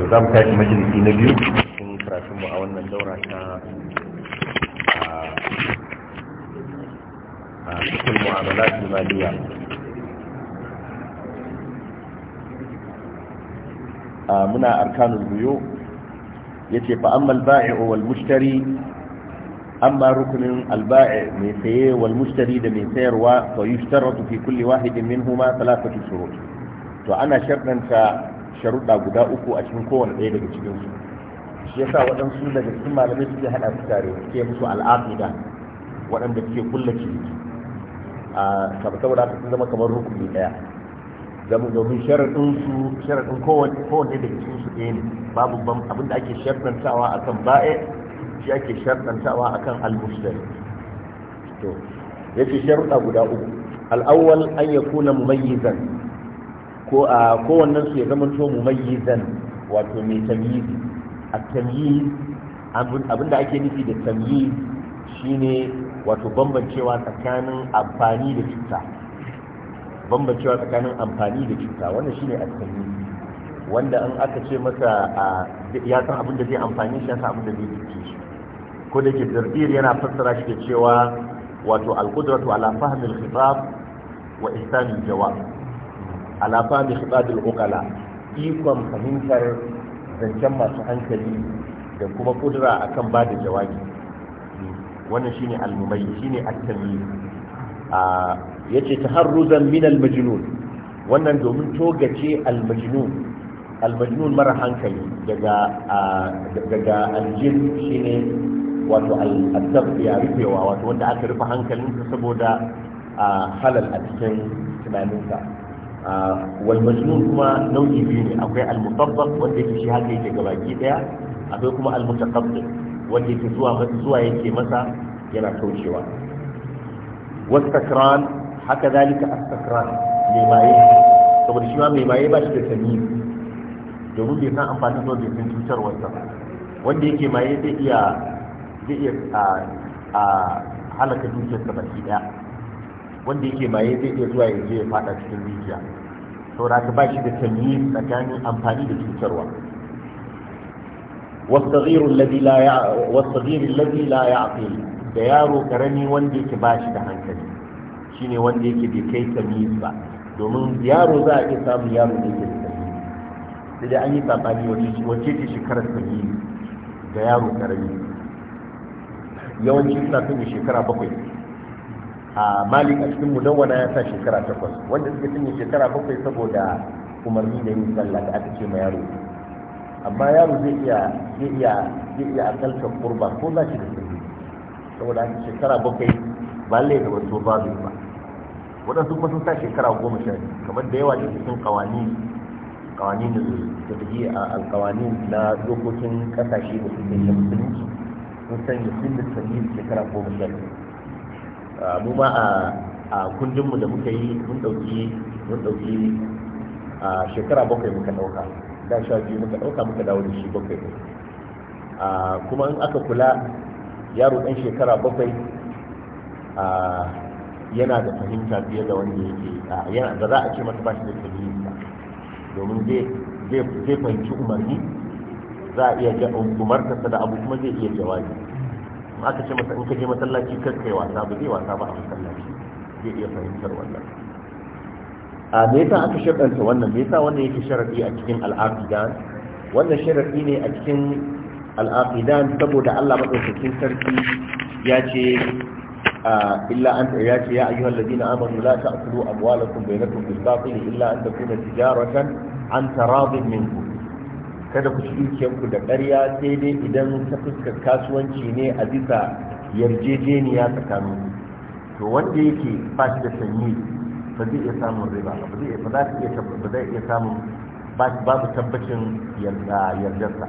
to za mu tashi majalisi na biyu cikin karatunmu a wannan daura ta a cikin mu'amalat maliya muna arkanul buyo yace fa amma al-ba'i'u wal mushtari amma rukunin al mai saye wal mushtari da mai sayarwa fa yushtaratu fi kulli wahidin minhuma thalathatu shurut to ana shartanta sharuɗa guda uku a cikin kowane ɗaya daga cikin su shi yasa waɗansu daga cikin malamai suke haɗa su tare suke musu al'aqida waɗanda suke kulla ciniki a saboda haka sun zama kamar rukuni ɗaya zama domin sharaɗin su sharaɗin kowane daga cikin su ɗaya ne babu abin da ake sharɗantawa akan ba'e shi ake sharɗantawa akan al-mustari to yace sharuɗa guda uku al-awwal an yakuna mumayyizan ko a kowannen su ya zama to mumayyizan wato mai tamyizi a tamyiz abinda ake nufi da tamyiz shine wato bambancewa tsakanin amfani da cuta bambancewa tsakanin amfani da cuta wannan shine a tamyiz wanda in aka ce masa ya san abin da zai amfani shi ya san abin da zai cuce shi ko da ke zargir yana fassara shi da cewa wato al-qudratu ala fahmi khitab wa ihsan al-jawab ala fami khidadul uqala ikon fahimtar zancen masu hankali da kuma kudura akan ba da jawabi wannan shine almumai shine at a yace taharruzan min al-majnun wannan domin togace al mara hankali daga daga aljin shine wato al-tabbi ya rufewa wato wanda aka rufe hankalinsa saboda halal a cikin tunaninsa wal kuma nau'i biyu ne akwai al wanda yake shi haka yake gabaki daya akwai kuma al mutaqabbal wanda yake zuwa masa zuwa yake masa yana kaucewa wastakran haka zalika astakran mai maye saboda shi ma mai maye ba shi da sani domin bai san amfanin zuwa bai san cutarwarsa wanda yake maye zai iya zai iya a halaka dukiyarsa baki daya wanda yake maye zai iya zuwa ya je ya fada cikin rijiya saboda ka ba shi da tanyi tsakanin amfani da cutarwa Wasu الذي la ya والصغير da yaro karami wanda yake ba shi da hankali shine wanda yake bai kai tamiz ba domin yaro za a iya samun yaro da yake da tamiz da an yi sabani wace wace ce shekarar tamiz da yaro karami yawanci suna son shekara bakwai a malik a cikin mudawwana ya sa shekara takwas wanda suka ne shekara bakwai saboda umarni da yin sallah da aka ce ma yaro amma yaro zai iya zai iya zai iya akaltar kurba ko za shi da sirri saboda aka shekara bakwai ba lai da ba zai ba waɗansu kuma sun sa shekara goma sha biyu kamar da yawa da cikin kawani kawani da da take a alkawani na dokokin kasashe da suke da musulunci sun sanya sun da shekara goma sha biyu mu ba a kundinmu da muka yi mun ɗauki mun dauki a shekara bakwai muka ɗauka da sha biyu muka ɗauka muka dawo da shi bakwai ne kuma in aka kula yaro ɗan shekara bakwai yana da fahimta fiye da wanda yake yana da za a ce masa ba shi da fahimta domin zai fahimci umarni za a iya umartarsa da abu kuma zai iya jawabi aka ce masa in ka je masallaci kar kai wasa ba zai wasa ba a masallaci zai iya fahimtar wannan a me yasa aka sharɗanta wannan me yasa wannan yake sharadi a cikin al'aqidan wannan sharadi ne a cikin al'aqidan saboda Allah madaukakin sarki ya ce illa an ya ce ya ayyuhal ladina amanu la ta'kulu amwalakum bainakum bil batil illa an takuna tijaratan an taradin minkum kada ku ci dukiyarku da ƙarya sai dai idan ta fuskar kasuwanci ne a bisa yarjejeniya tsakanin ku. to wanda yake ba shi da sanyi ba zai iya samun riba ba zai ba za iya ba zai iya samun babu tabbacin yardarsa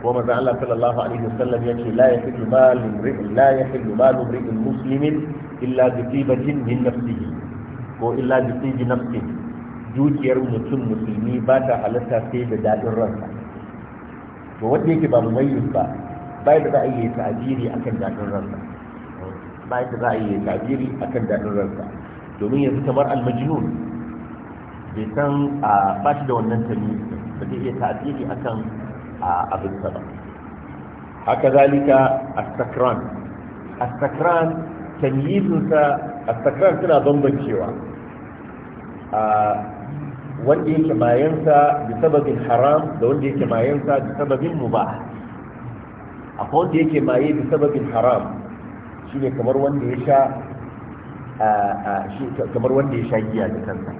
ko maza Allah sallallahu alaihi wasallam yace la yahillu malu ri'in la yahillu malu ri'in muslimin illa bi tibatin min nafsihi ko illa bi tibi nafsihi dukiyar mutum musulmi ba ta halatta sai da daɗin ransa to wanda yake ba mumayyiz ba ba da za a yi ta'ajiri akan daɗin ransa ba da za a yi ta'ajiri akan daɗin ransa domin yanzu kamar almajnun bai san a ba shi da wannan tamiz ba zai iya ta'ajiri akan abinsa ba haka zalika astakran. Astakran as-sakran tamyizinsa as-sakran suna bambancewa wanda yake mayansa da sababin haram da wanda yake mayansa da sababin mubah akwai wanda yake maye da sababin haram shi ne kamar wanda ya sha kamar wanda ya sha giya da kansa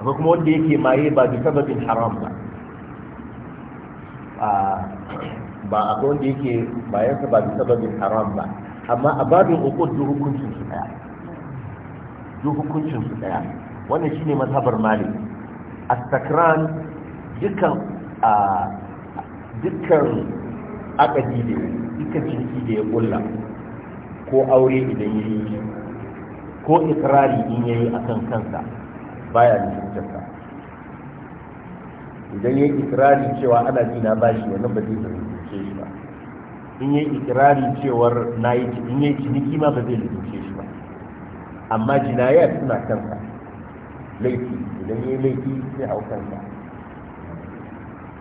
akwai kuma wanda yake maye ba da sababin haram ba ba akwai wanda yake mayansa ba da sababin haram ba amma a babin uku duk hukuncin su daya duk hukuncin su daya wannan shine mazhabar malik astakran dukkan a dukkan akadi ne dukkan ciki da ya kulla ko aure idan ya yi ko ikirari in ya yi a kan kansa baya da cutarsa idan ya yi ikirari cewa ana na bashi wannan ba zai rubuce shi ba in yi ikirari cewar na yi in ya yi ciniki ma ba zai rubuce shi ba amma jinayar suna kansa laifi idan ya yi laifi sai hau kansa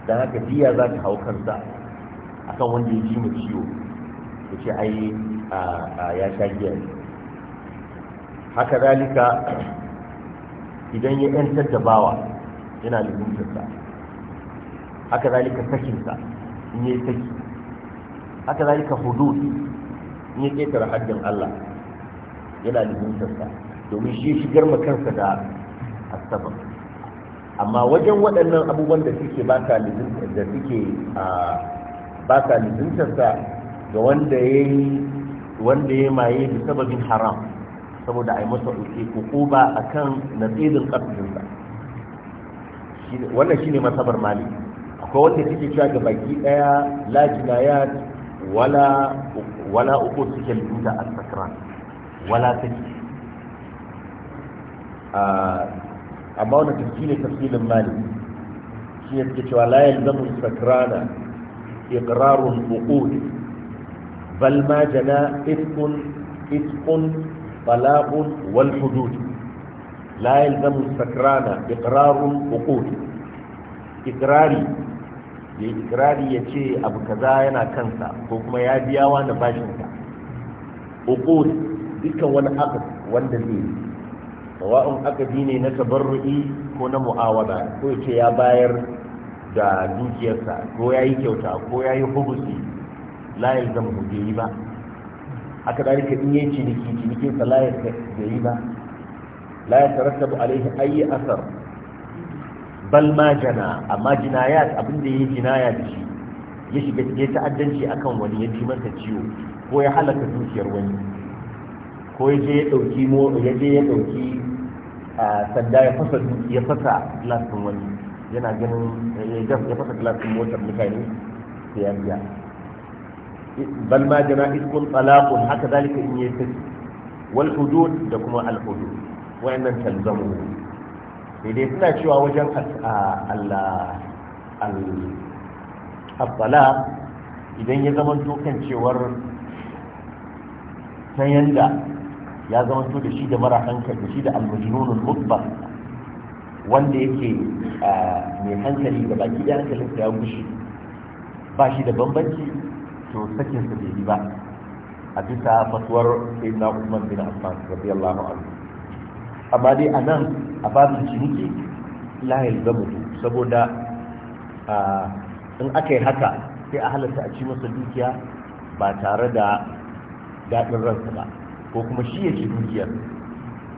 don haka diya za ta hau kansa akan wanda ya ji mu ciwo ya ce ai ya sha giya haka zalika idan ya yantar da bawa yana lubuntarsa haka zalika sakinsa in ya yi saki haka zalika hudud in ya ƙetare haddin Allah yana lubuntarsa domin shi shigar ma kansa da asabar amma wajen waɗannan abubuwan da suke ba sa da suke ba sa lizintarsa ga wanda ya yi wanda ya maye da sababin haram saboda a yi masa uke kukuba a kan natsirin ƙarfinsa wannan shine masabar mali akwai wanda suke cewa ga baki ɗaya lajina ya wala wala uku suke lizinta a sakran wala take amma wannan tafi ne tafsirin maliki shi ne suke cewa la zama sakrana iqrarul uqud bal ma jana iskun ifkun talaqun wal hudud la zama sakrana iqrarul uqud iqrari ya yi ikirari ya ce abu kaza yana kansa ko kuma ya biya wani bashinsa uqud dukkan wani aqd wanda zai sawa'un akadi ne na tabarru'i ko na mu'awada ko ce ya bayar da dukiyarsa ko ya yi kyauta ko ya yi hubusi layar zan bai yi ba aka dalika in yi ciniki cinikinsa layar bai yi ba layar tarattabu alaihi ayi asar bal ma jana amma jinayat da ya yi jinaya da shi ya shiga ya ta'addanci akan wani ya ji masa ciwo ko ya halaka dukiyar wani ko ya je ya ɗauki ya je ya ɗauki sanda ya fasa ya fasa glasin wani yana ganin ya fasa glasin motar mutane sai ya biya bal ma jana iskun talaqun haka zalika in yayi saki wal hudud da kuma al hudud wayannan talzamu sai dai suna cewa wajen Allah al idan ya zama dokan cewar ta yanda ya zama to da shi da mara hankali da shi da almajnunul mutbar wanda yake mai hankali da baki da hankalin ya gushi ba shi da bambanci to sakin sa bai ba a bisa fatuwar sayyidina Uthman bin Affan radiyallahu anhu amma dai anan a babin ciniki la yalzamu saboda in aka yi haka sai a halatta a ci masa dukiya ba tare da daɗin ransa ba ko kuma shi yake duniya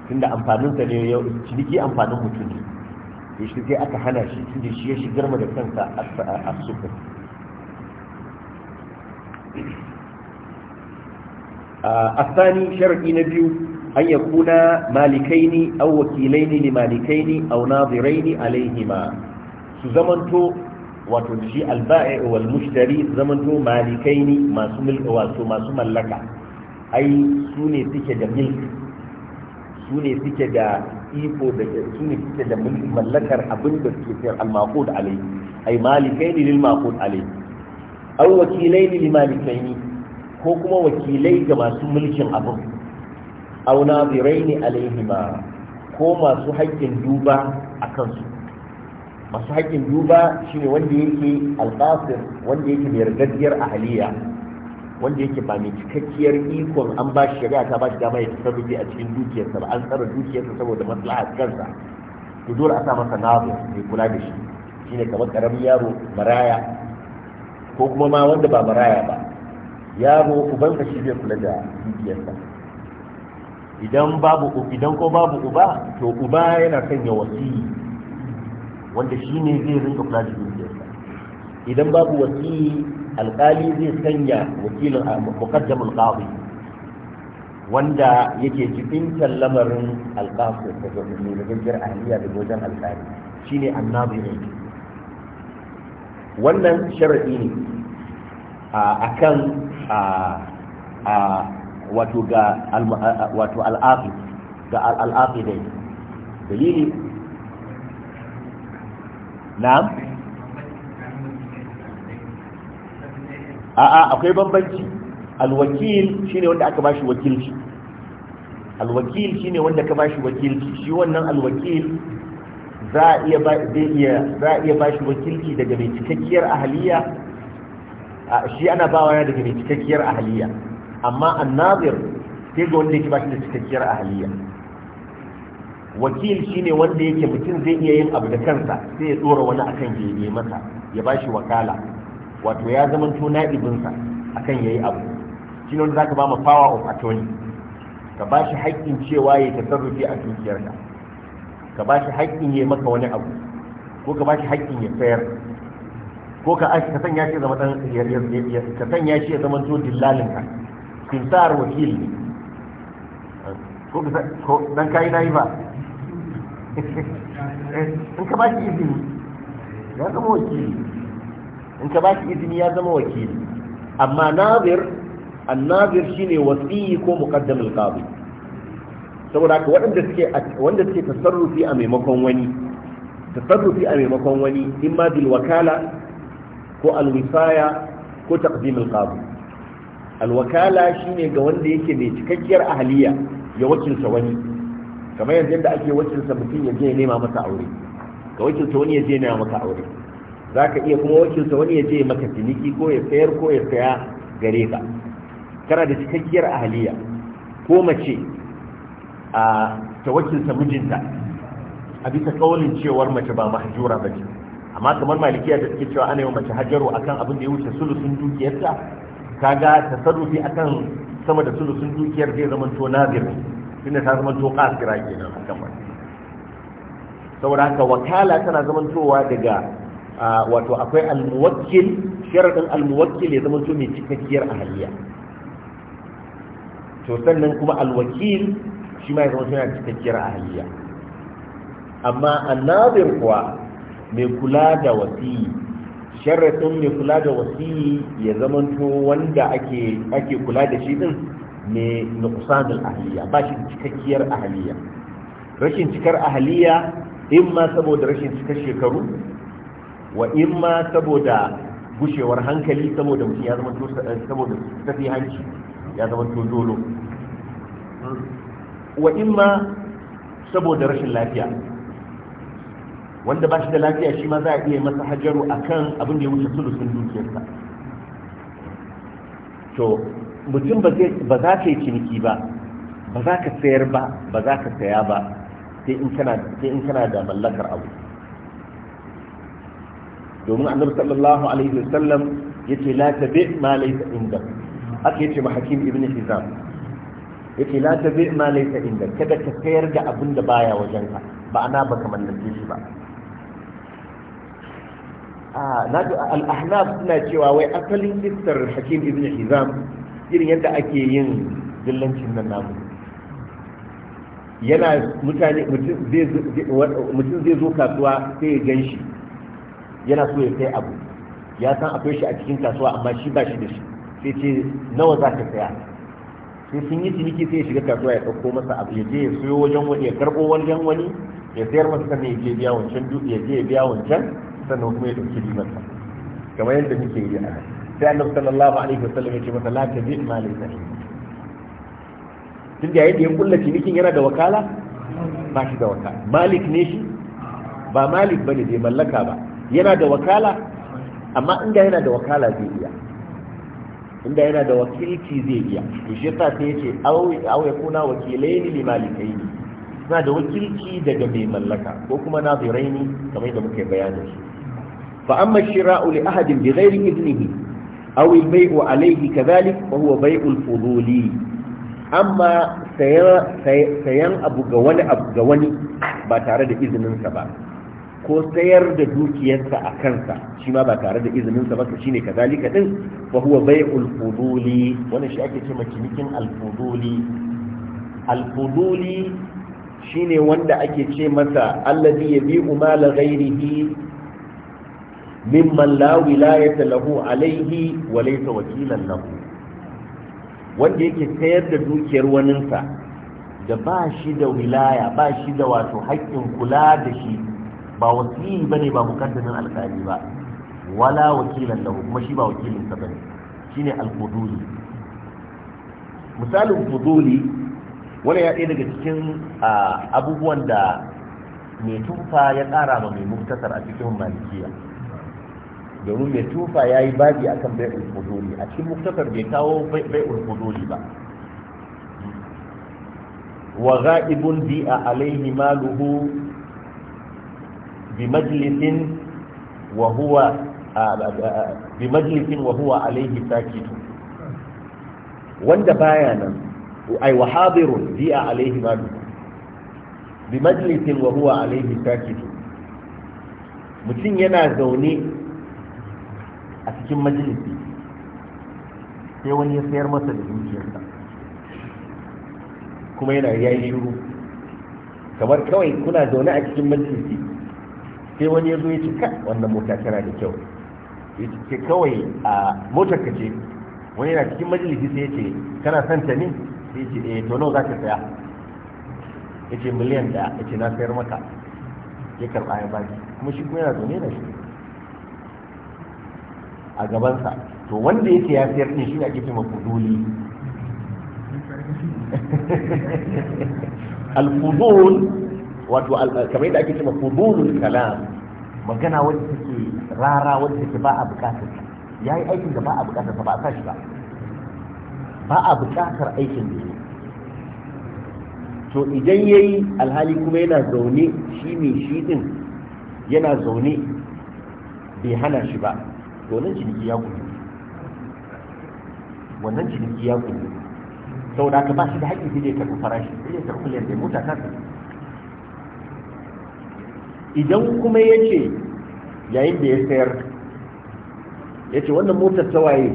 tunda amfaninsa ne yau ciniki amfanin mutum ne ya shi sai aka hana shi tunda shi ya shigar mu da kansa a sufi a tsani sharaɗi na biyu an ya kuna malikaini ne au wakilai ne malikai ne au nazirai ne alaihima su zamanto wato shi alba'i wal mushtari zamanto malikai ne masu mulkawa su masu mallaka ai su ne suke da milk su ne suke da iko da su ne suke da mallakar abin da suke sayar al-maqud alai ai malikai ne lil maqud alai aw wakilai ne malikai ne ko kuma wakilai ga masu mulkin abin aw nazirai ne alaihima ko masu haƙƙin duba a kansu masu haƙƙin duba shine wanda yake al-qasir wanda yake da gaggiyar ahaliya wanda yake ba mai cikakkiyar ikon an ba shi shari'a ta ba shi dama ya tasarrufi a cikin dukiyarsa ba an tsara dukiyarsa saboda maslahar kansa to dole a sa masa nazo mai kula da shi shine kamar karamin yaro maraya ko kuma ma wanda ba maraya ba yaro ubansa shi zai kula da dukiyarsa idan babu idan ko babu uba to uba yana sanya wasiyi wanda shine zai rinka kula da dukiyarsa idan babu wasiyi alƙali zai sanya wakilin muqaddamul qadi wanda yake jibintar lamarin alƙasu da gwamnati da gajiyar ahliya da wajen alƙali shine annabi ne wannan sharadi ne a kan wato ga wato al'afi ga al'afi dai dalili na'am a'a akwai bambanci alwakil shine wanda aka bashi wakilci alwakil shine wanda ka bashi wakilci shi wannan alwakil za a iya za a iya bashi wakilci daga mai cikakkiyar ahaliya shi ana bawa ya daga mai cikakkiyar ahaliya amma annazir sai ga wanda yake bashi da cikakkiyar ahaliya wakil shine wanda yake mutum zai iya yin abu da kansa sai ya tsora wani akan ya masa ya bashi wakala wato ya zamanto na'ibinsa akan yayi abu shi ne za zaka ba mu power of attorney ka ba shi haƙƙin cewa ya tasarrufi a dukiyarka ka ba shi haƙƙin ya maka wani abu ko ka ba shi haƙƙin ya sayar ko ka ka sanya shi zama ka sanya shi ya zama to dillalin ka kin sa wakil ne ko ka ko dan kai nayi ba eh, in ka ba shi izini ya zama wakili in ka ba shi izini ya zama wakili amma nazir annazir ne wasiyi ko muqaddamul qadi saboda haka waɗanda suke wanda suke tasarrufi a maimakon wani tasarrufi a maimakon wani in imma bil wakala ko al wisaya ko taqdimul qadi al wakala shine ga wanda yake mai cikakkiyar ahliya ya wakilta wani kamar yanzu yadda ake wakilta mutum ya je nema masa aure ga wakilta wani ya je nema masa aure za ka iya kuma wakilta wani ya je maka ciniki ko ya sayar ko ya saya gare ka kana da cikakkiyar ahaliya ko mace a ta wakilta mijinta a bisa kawalin cewar mace ba mahjura ba ce amma kamar malikiya da suke cewa ana yi mace hajjaro akan abin da ya wuce sulusun dukiyarta ga ta tasarrufi akan sama da sulusun dukiyar zai zama to nazir tunda ta zama to kasira kenan akan wani saboda haka wakala tana zamantowa daga wato akwai al-muwakkil sharadin al-muwakkil ya zama to mai cikakkiyar ahaliya to sannan kuma alwakil shi ma ya zama to cikakkiyar ahaliya amma annabir kuwa mai kula da wasi sharadin mai kula da wasi ya zama to wanda ake ake kula da shi din mai nuqsanul ahaliya ba shi cikakkiyar ahaliya rashin cikar ahaliya in ma saboda rashin cikar shekaru wa in ma saboda gushewar hankali saboda mutum ya zama saboda tafi hanci ya zama to dolo wa in ma saboda rashin lafiya wanda ba shi da lafiya shi ma za a iya masa hajaru akan abin da ya wuce sulusun dukiyarsa to mutum ba za ka yi ciniki ba ba za ka sayar ba ba za ka saya ba sai in kana da mallakar abu domin annabi sallallahu alaihi wasallam yace la tabi ma laysa inda aka yace ma hakim ibn hizam yace la tabi ma laysa inda kada ka sayar da abin da baya wajen ka ba ana ba kamar nan shi ba Ah, na al-ahnaf suna cewa wai asalin kissar hakim ibn hizam irin yadda ake yin dillancin nan namu yana mutane mutum zai zo kasuwa sai ya gan shi yana so ya sai abu ya san akwai shi a cikin kasuwa amma shi ba shi da shi sai ce nawa za ka saya sai sun yi ciniki sai ya shiga kasuwa ya ɗauko masa abu ya je ya siyo wajen wani ya karɓo wajen wani ya sayar masa sannan ya je biya wancan duk ya je ya biya wancan sannan kuma ya ɗauki ribar sa kamar yadda muke yi a nan sai annabi sallallahu alaihi wasallam ya ce masa la bi ma laysa tun da yayin ya kulla cinikin yana da wakala ba shi da wakala malik ne shi ba malik bane bai mallaka ba yana da wakala amma inda yana da wakala zai iya inda yana da wakilci zai iya to shi yasa sai yace aw yakuna wakilaini li ni. suna da wakilci daga mai mallaka ko kuma na naziraini kamar da muke bayanin shi fa amma shira'u li ahadin bi ghairi idnihi aw al-bay'u alayhi kadhalik fa huwa bay'ul fuduli amma sayan abu ga wani abu ga wani ba tare da izininsa ba ko sayar da dukiyarsa a kansa shi ma ba tare da izininsa ba shine kazalika din wa huwa bai'ul fuduli wannan shi ake cewa cinikin al-fuduli al-fuduli shine wanda ake ce masa alladhi yabi'u mala ghairihi mimman la wilayata lahu alaihi wa laysa wakilan lahu wanda yake sayar da dukiyar waninsa da ba shi da wilaya ba shi da wato haƙƙin kula da shi ba wakili bane ba mukaddamin alkali ba wala wakilan lahu kuma shi ba wakilin sa bane shine al-fuduli misalin fuduli wani ya ɗaya daga cikin abubuwan da mai tufa ya ƙara ma mai muktasar a cikin malikiya domin mai tufa ya yi babi a kan bai'ul fuduli a cikin muktasar bai kawo bai'ul fuduli ba wa ga'ibun bi a alaihi maluhu bi majlisin wa huwa bi majlisin wa huwa alaihi sakitu wanda baya nan ai wa hadirun bi alaihi ma bi majlisin wa huwa alaihi sakitu mutum yana zaune a cikin majalisi sai wani ya sayar masa da dukiyarsa kuma yana ya yi shiru kamar kawai kuna zaune a cikin majalisi sai wani ya zo ya ce ka wannan mota tana da kyau ya ce kawai a motar ka ce wani yana cikin majalisi sai ya ce kana son ta ne sai ya ce eh to nawa za ka saya ya ce miliyan da ya ce na sayar maka ya karɓa ya baki kuma shi kuma yana zaune da shi a gabansa to wanda yake ya sayar ne shi ne ake cewa kuduli al-fudul wato kamar yadda ake cewa fudulul kalam magana wacce take rara wacce take ba a bukatar ta yayi aikin da ba a bukatar ta ba a sa shi ba ba a bukatar aikin da yake to idan yayi alhali kuma yana zaune shi ne shi din yana zaune bai hana shi ba to nan ciniki ya kuɗi wannan ciniki ya kuɗi saboda ka ba shi da haƙƙi sai dai karɓi farashi sai dai karɓi miliyan da mota ta idan kuma ya ce yayin da ya sayar ya ce wannan motar ta waye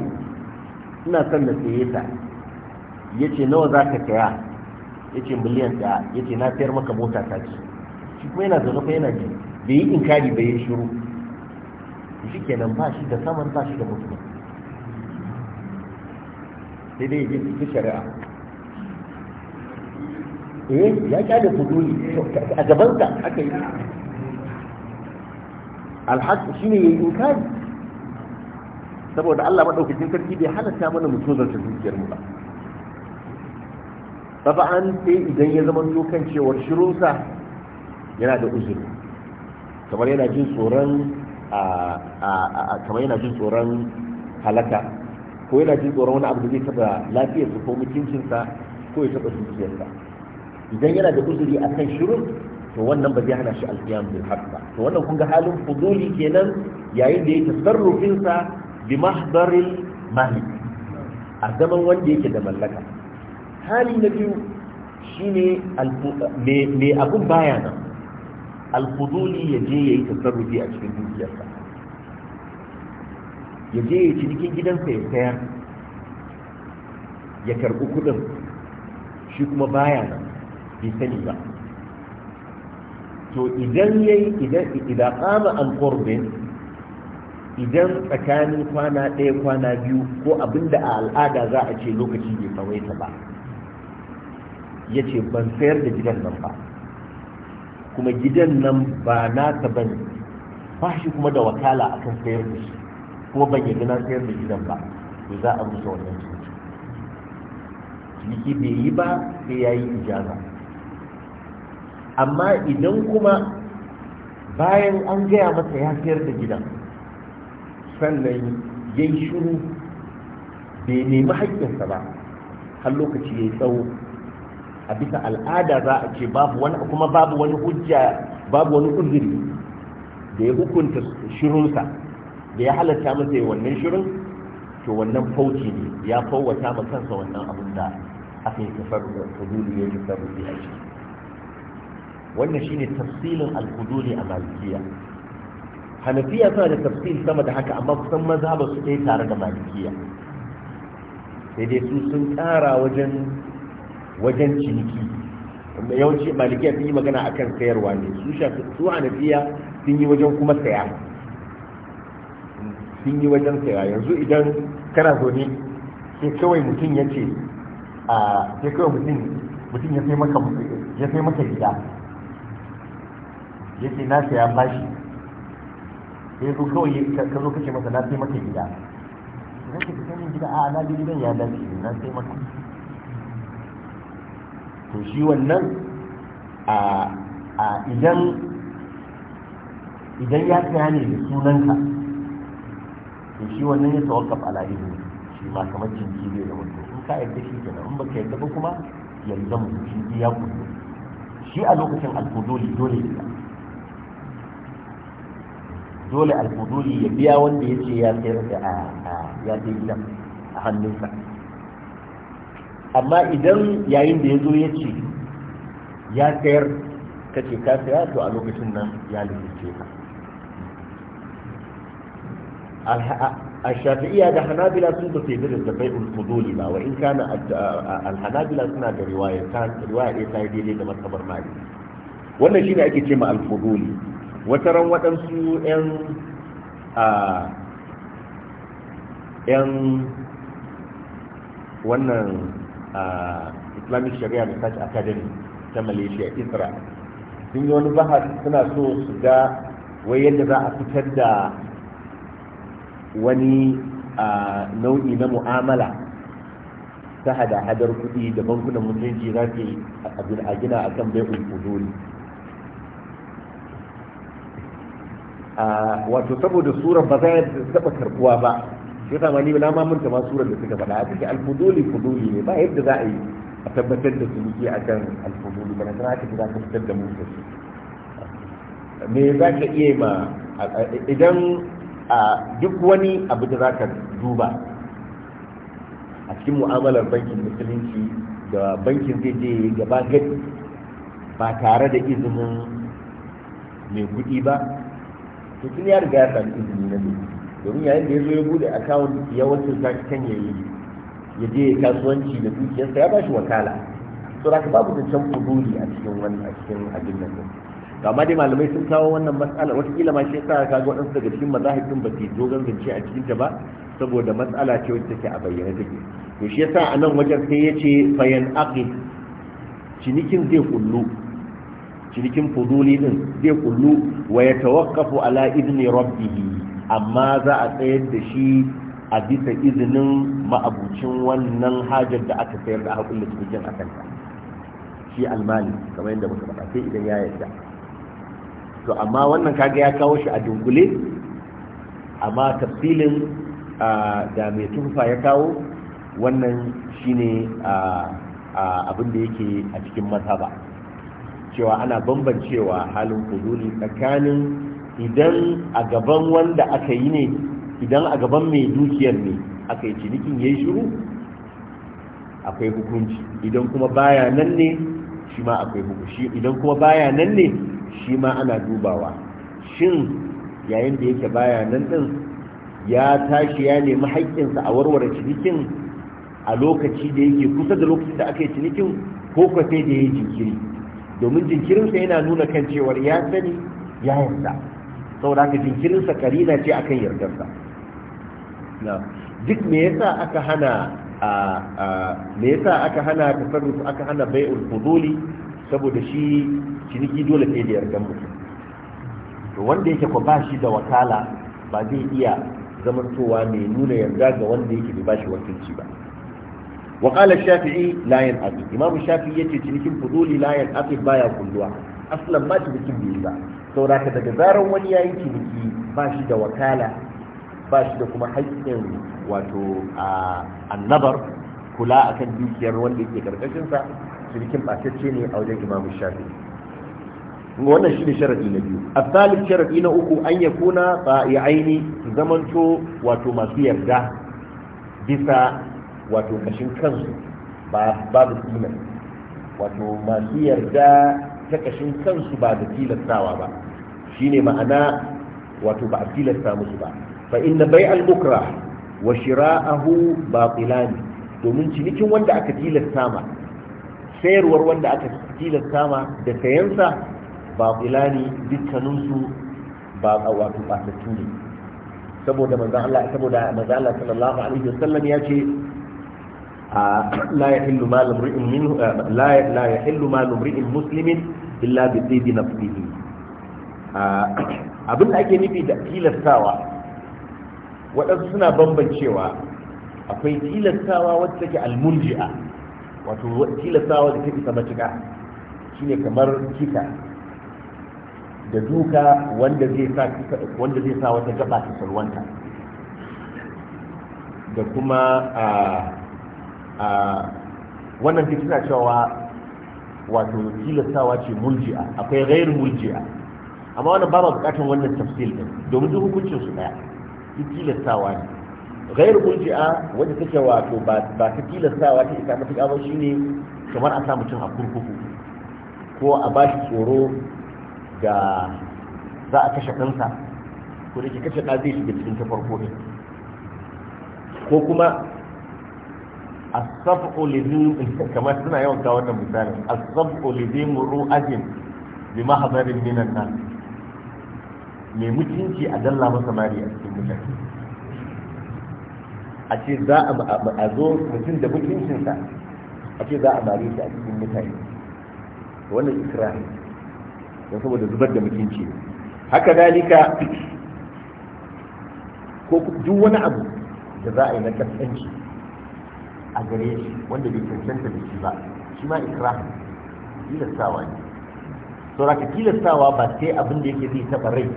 ina son na saye ta ya ce nawa za ka saya ya ce miliyan ɗaya ya ce na sayar maka mota ta ce shi kuma yana zaune kuma yana ji bai yi inkari bai yi shiru shi kenan ba shi da saman ba shi da mutum sai dai ya je shari'a eh ya kyale fuduli a gabansa aka yi alhaq ya yi inkari saboda Allah madaukakin sarki bai halatta mana mu tozarta dukiyar mu ba an sai idan ya zama to kan cewar shirunsa yana da uzuri kamar yana jin tsoron kamar yana jin tsoron halaka ko yana jin tsoron wani abu da zai taba lafiyarsa ko mutuncinsa ko ya taba dukiyarsa idan yana da uzuri akan shirun to wannan ba zai hana shi alkiyam bil haqq ba to wannan kun ga halin fuduli kenan yayin da yake tasarrufin sa bi mahdaril malik a zaman wanda yake da mallaka hali na biyu shine me abun baya nan alfuduli ya je yayi tasarrufi a cikin dukiyarsa ya je ya cinikin gidansa ya sayar ya karɓi kuɗin shi kuma baya nan bai sani ba to idan yayi idan idan qama an qurbin idan tsakanin kwana ɗaya kwana biyu ko abinda a al'ada za a ce lokaci bai kawaita ba ya ce ban sayar da gidan nan ba kuma gidan nan ba na ba ne ba shi kuma da wakala a kan sayar da shi kuma ban yi na sayar da gidan ba to za a musa wannan ciniki ciniki bai yi ba sai ya yi ijaza amma idan kuma bayan an gaya masa ya sayar da gidan sannan ya yi shuru bai nemi haƙƙinsa ba har lokaci ya yi tsawo a bisa al'ada za a ce babu wani kuma babu wani hujja babu wani uzuri da ya hukunta shirunsa da ya halatta masa ya wannan shirin to wannan fauci ne ya fawwata ma kansa wannan abin da aka yi tafar da ya tafar da a ciki wannan shine tafsilin al-huduli a malikiya hanafiya suna da tafsil sama da haka amma kusan mazhaba su ɗaya tare da malikiya sai dai su sun tsara wajen wajen ciniki yawanci malikiya sun yi magana akan sayarwa ne su shafi su hanafiya sun yi wajen kuma saya sun yi wajen saya yanzu idan kana zaune sai kawai mutum ya ce a ah, sai kawai mutum mutum ya sai maka ya sai maka gida yake na saya bashi sai zo kawai ka zo kace masa na sai maka gida na ce ka gida a na gidan ya dace na sai maka to shi wannan a idan idan ya tsaya ne da sunanka to shi wannan ya tawakkaf ala ilmi shi ma kamar jinki ne da mutum in ka yadda shi kenan in baka yadda ba kuma yanzu mu shi ya kudu shi a lokacin alkudoli dole ne dole alfuduli ya biya wanda ya ce ya sayar da ya sai gidan a hannunsa amma idan yayin da ya zo ya ce ya sayar ka ce ka saya to a lokacin nan ya lalace ka الشافعية ده حنابلة سنة تدير الزبيع الفضولي بقى وإن كان الحنابلة سنة ده رواية كان رواية إيه سايدي ليه ده مذهب المالي وانا شيء أكيد شيء الفضولي wata ran waɗansu 'yan wannan islamic shari'a research academy ta malaysia isra sun yi wani bahar suna so su ga wai yadda za a fitar da wani nau'i na mu'amala ta hada-hadar kuɗi da bankunan mutunci za su a gina a kan bai fuduli wato saboda surar ba za ta taɓa karbuwa ba shi ta ma ni na ma mun ma surar da suka faɗa a cikin alfuduli fuduli ne ba yadda za a yi a tabbatar da su a kan alfuduli ba na sana aka za ka fitar da musu su me za ka iya ma idan duk wani abu da za ka duba a cikin mu'amalar bankin musulunci da bankin zai je gaba gadi ba tare da izinin mai kuɗi ba to ya riga ya sami izini na ne domin yayin da ya zo ya bude akawun yawancin wacce ta kan ya yi ya je kasuwanci da dukiyarsa ya ba wakala to da ka babu zancen fuduli a cikin wannan a cikin abin nan ga ma dai malamai sun kawo wannan matsala wataƙila ma shi yasa ka ga waɗansu daga cikin mazahibin ba su yi dogon zance a cikin ta ba saboda matsala ce wacce take a bayyane take to shi yasa a nan wajen sai ya ce fayan aqi cinikin zai kullu cikin fuduli din zai kullu wa ya tawakkafu ala izni rabbihi amma za a tsayar da shi a bisa izinin ma'abucin wannan hajar da aka sayar da aka kulle a kanta shi almani kamar yadda muka faɗa sai idan ya yarda to amma wannan kaga ya kawo shi a dungule amma tafsilin da mai tufa ya kawo wannan shine abin da yake a cikin mazhaba. ba cewa ana bambancewa halin kuduri tsakanin idan a gaban wanda aka yi ne idan a gaban mai dukiyar ne aka yi cinikin ya yi shiru akwai hukunci idan kuma baya nan ne shi ma akwai hukunci idan kuma baya nan ne shi ma ana dubawa shin yayin da yake baya nan din ya tashi ya nemi haƙƙinsa a warware cinikin a lokaci da yake kusa da lokacin da aka yi cinikin ko kwafe da ya yi jinkiri domin jinkirinsa yana nuna kan cewar ya sani ya yarda saboda haka jinkirinsa karina ce akan yardarsa duk me yasa aka hana me yasa aka hana Bai aka hana bai'ul fuduli saboda shi ciniki dole sai da yardan mutum to wanda yake ko bashi da wakala ba zai iya zamantowa mai nuna yarda ga wanda yake bai bashi wakilci ba wa qala shafi'i la yanqati imam shafi'i yace cinikin fuduli la yanqati baya kulluwa aslan ba cinikin bai ba saboda daga zarar wani yayi ciniki ba shi da wakala ba shi da kuma haƙƙin wato annabar kula akan dukiyar wanda yake karkashin cinikin ɓatacce ne a wajen imam shafi'i wannan shi ne sharaɗi na biyu a salif na uku an ya kuna ba ya aini su zamanto wato masu yarda bisa wato kashin kansu ba babu tilas wato masu yarda ta kashin kansu ba da tilastawa ba shine ma'ana wato ba a tilasta musu ba fa inna bai bukra wa shira'ahu filani, domin cinikin wanda aka tilasta ma sayarwar wanda aka tilasta ma da sayansa filani dukkaninsu ba wato ba ne saboda manzo Allah saboda manzo Allah sallallahu alaihi wasallam ya ce لا يحل مال امرئ منه لا لا يحل مال امرئ مسلم الا بطيب نفسه abin da ake nufi da tilastawa waɗansu suna bambancewa akwai tilastawa wadda take almulji'a wato tilastawa da take sama cika shine kamar kika da duka wanda zai sa wanda zai sa wata gaba ta salwanta da kuma a wannan ke suna cewa wato tilastawa ce mulji'a akwai gairu mulji'a amma wannan ba bukatan wannan tafsil din domin duk hukuncin su daya duk tilastawa ne gairu mulji'a wanda take wato ba ta tilastawa ta isa matuƙa ba shine kamar a sa mutum a kurkuku ko a ba shi tsoro ga za a kashe kansa ko da ke kashe ɗa zai shiga cikin ta farko ne ko kuma as-sab'u lidhi kamar suna yawan kawo wannan misali Asafu sabu lidhi muru'atin bi mahdarin minan nas Me mutunci a dalla masa mari a cikin mutane a ce za a zo mutum da mutuncinsa a ce za a mari shi a cikin mutane wannan isra'i don saboda zubar da mutunci haka dalika ko duk wani abu da za a yi na kasance a gare shi wanda bai cancanta da shi ba shi ma ikra tilastawa ne sauraka tilastawa ba sai abin da yake zai taɓa rai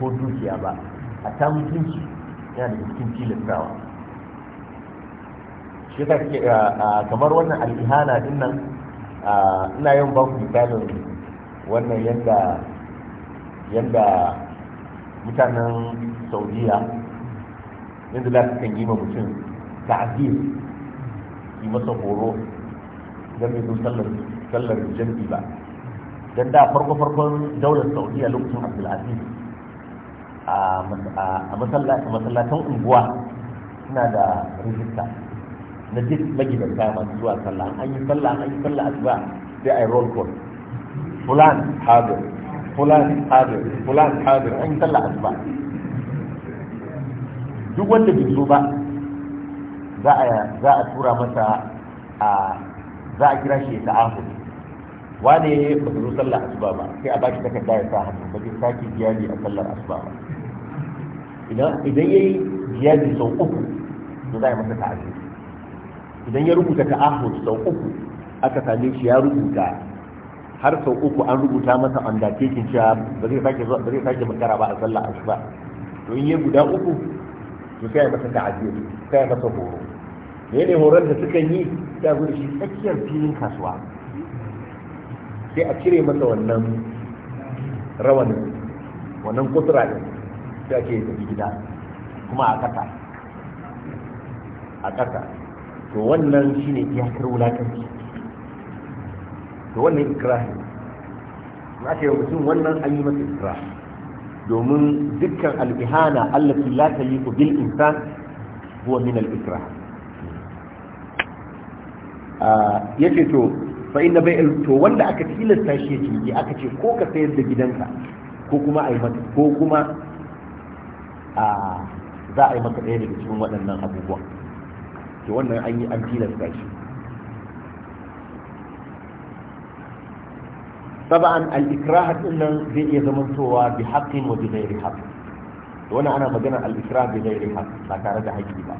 ko dukiya ba a ta mutunci yana da cikin tilastawa shi ta ke kamar wannan alihana din nan ina yawan ba ku misalin wannan yadda yadda mutanen saudiya yanzu za su kan yi ma mutum ta'azir yi masa horo don mai zo sallar jam'i ba don da farko farkon daular saudiya lokacin abdulaziz a masallatan unguwa suna da rijista na duk magidanta masu zuwa sallah an yi sallah an yi sallah asuba sai a yi roll call fulan hadir fulan hadir fulan hadir an yi sallah asuba duk wanda bai zo ba za a za a tura masa a za a kira shi ya ta'ahud wane ba su zo sallar asuba ba sai a baki da ya sa hannu ba zai sake jiyadi a sallar asuba ba idan ya yi jiyadi sau uku to za a yi masa ta'ahud idan ya rubuta ta'ahud sau uku aka same shi ya rubuta har sau uku an rubuta masa undertaking cewa ba zai sake ba zai sake makara ba a sallar asuba to in ya guda uku to sai yi masa ta'ahud sai yi masa horo ne horon da suka yi ya gudu shi tsakiyar filin kasuwa sai a cire masa wannan rawanin wannan kutura ne sai ake tafi gida kuma a ƙasa a ƙasa to wannan shi shine iyakar wulakanci to wannan ikrahi in aka yi mutum wannan an yi masa ikrahi domin dukkan al'ihana allati la taliqu bil insa, huwa min al-ikrah ya ce to fa'ina bai to wanda aka tilasta shi ya ciki aka ce ko ka sayar da gidanka ko kuma a yi mata ko kuma za a yi maka ɗaya daga cikin waɗannan abubuwan to wannan an yi an tilasta shi saba'an al'ikraha ɗin nan zai iya zama towa bi haƙƙin wa to wani ana magana al'ikraha bi zairi haƙƙi ba tare da haƙƙi ba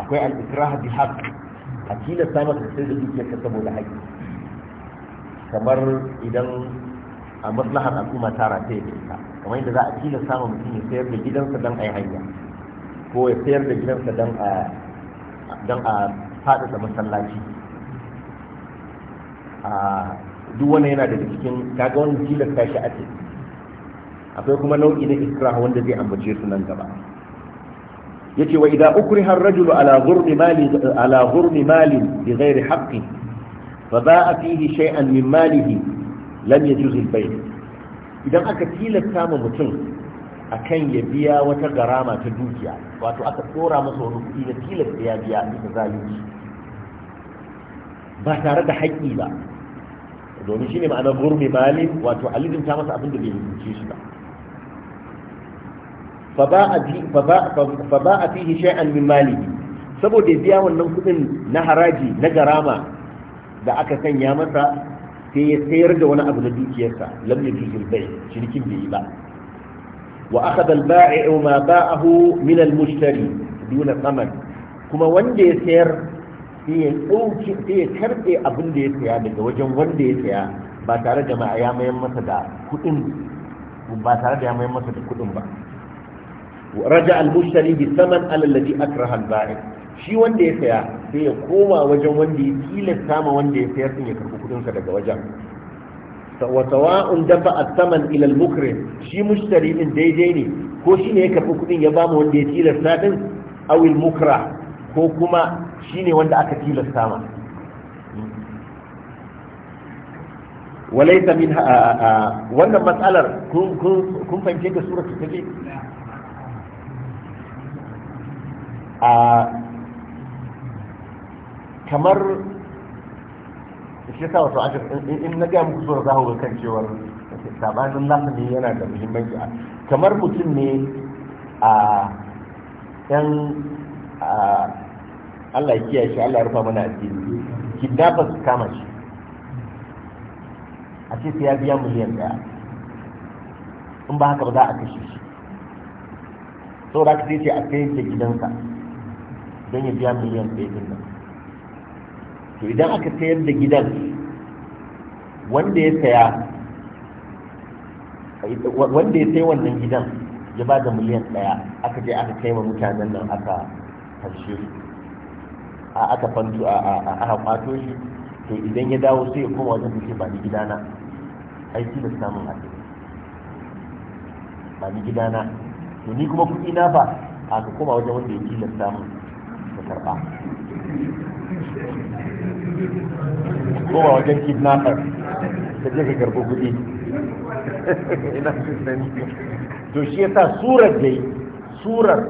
akwai al'ikraha bi haƙƙi a tilasta masa sai da dukiyarsa saboda haƙƙi kamar idan a maslahar al'umma ta rataye da ita kamar yadda za a tilasta ma mutum ya sayar da gidansa don a yi hanya ko ya sayar da gidansa don a faɗaɗa masallaci duk wani yana daga cikin kaga wani tilasta shi a ce akwai kuma nau'i na ikrah wanda zai ambace su nan gaba yace wa idza ukriha ar-rajulu ala ghurmi mali ala ghurmi mali bi ghairi haqqi fa ba'a fihi shay'an min malihi lam yajuz al-bay' idan aka tilasta ma mutum akan ya biya wata garama ta dukiya wato aka tsora masa wani kuɗi na tilasta ya biya bisa zalunci ba tare da haƙƙi ba domin shine ma'ana gurmi mali wato alizinta masa abin da bai rubuce shi ba fa ba a fihi shay'an min malihi saboda biya wannan kudin na haraji na garama da aka sanya masa sai ya sayar da wani abu na dukiyarsa lam yajuzul bay shirkin bai yi ba wa akhadha al-ba'i'u ma ba'ahu min al-mushtari duna thaman kuma wanda ya sayar sai ya dauki sai ya karbe abin da ya saya daga wajen wanda ya saya ba tare da ma ya mayan masa da kudin ba tare da ya mayan masa da kudin ba raja al-mushtari bi saman alladhi akraha al shi wanda ya saya sai ya koma wajen wanda ya tilasta ma wanda ya sayar sun ya karɓi kudin daga wajen wa sawa'un dafa as-saman ila al-mukri shi mushtari din daidai ne ko shi ne ya karɓi kuɗin ya ba mu wanda ya tilasta din aw al-mukra ko kuma shi ne wanda aka tilasta ma walaita min wannan matsalar kun fahimce da surar take a kamar shi sa wasu aka in na gaya muku sura za ku kan cewar sabanin nasa ne yana da muhimmanci a, kamar mutum ne a yan Allah ya kiyaye shi Allah ya rufa mana asiri kidnappers su kama shi a ce sai ya biya miliyan daya in ba haka ba za a kashe shi saboda ka sai ce a kai da gidansa don ya biya miliyan ɗaya ɗin nan to idan aka sayar da gidan wanda ya saya wanda ya sai wannan gidan ya ba da miliyan ɗaya aka je aka kai wa mutanen nan aka fanshe su a aka fanto a aka kwato shi to idan ya dawo sai ya koma wajen da ba ni gidana aiki da samun a ba ni gidana to ni kuma kuɗi na ba a ka koma wajen wanda ya da samun. suka kowa wajen kidnapper ta je ka karbi kuɗi ina sani to shi yasa surar dai surar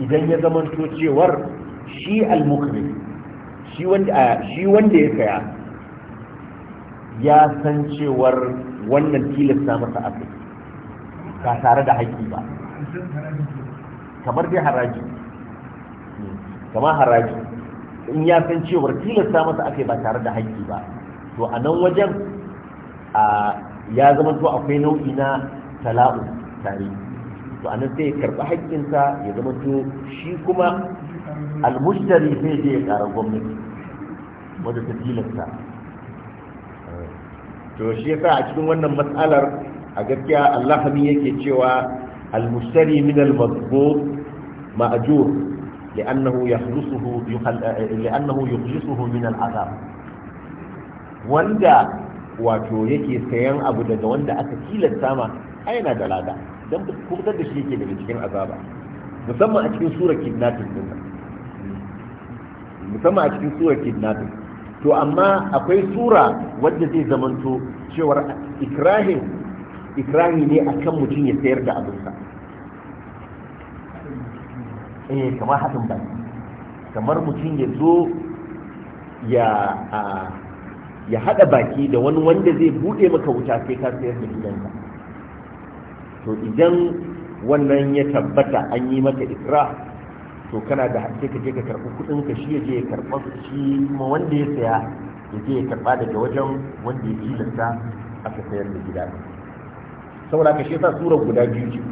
idan ya to cewar shi al-mukmin shi wanda shi wanda ya saya ya san cewar wannan tilasta masa asali ba tare da haƙƙi ba kamar dai haraji kamar haraji in ya san cewar tilasta masa aka ba tare da haƙƙi ba to a nan wajen ya zama to akwai nau'i na tala'u tare to a nan sai ya karɓi haƙƙinsa ya zama to shi kuma almustari sai je ya ƙara gwamnati wadda ta tilasta to shi yasa a cikin wannan matsalar a gaskiya Allah yake cewa almustari min almazbub ma'jur لأنه يخلصه لأنه يخلصه من العذاب وندا wato yake sayan abu daga wanda aka tilasta ma ai yana da lada dan kubutar shi yake daga cikin azaba musamman a cikin sura kidnapping din musamman a cikin sura kidnapping to amma akwai sura wanda zai zamanto cewar ikrahin ne akan mutum ya sayar da abinsa eh kamar haɗin ba kamar mutum ya zo ya ya haɗa baki da wani wanda zai buɗe maka wuta sai ka sayar da gidanka to idan wannan ya tabbata an yi maka ikra to kana da sai ka je ka karɓi kuɗin ka shi je ya karɓa shi kuma wanda ya saya ya je ya karɓa daga wajen wanda ya tilasta aka sayar da gida saboda ka shi sa sura guda biyu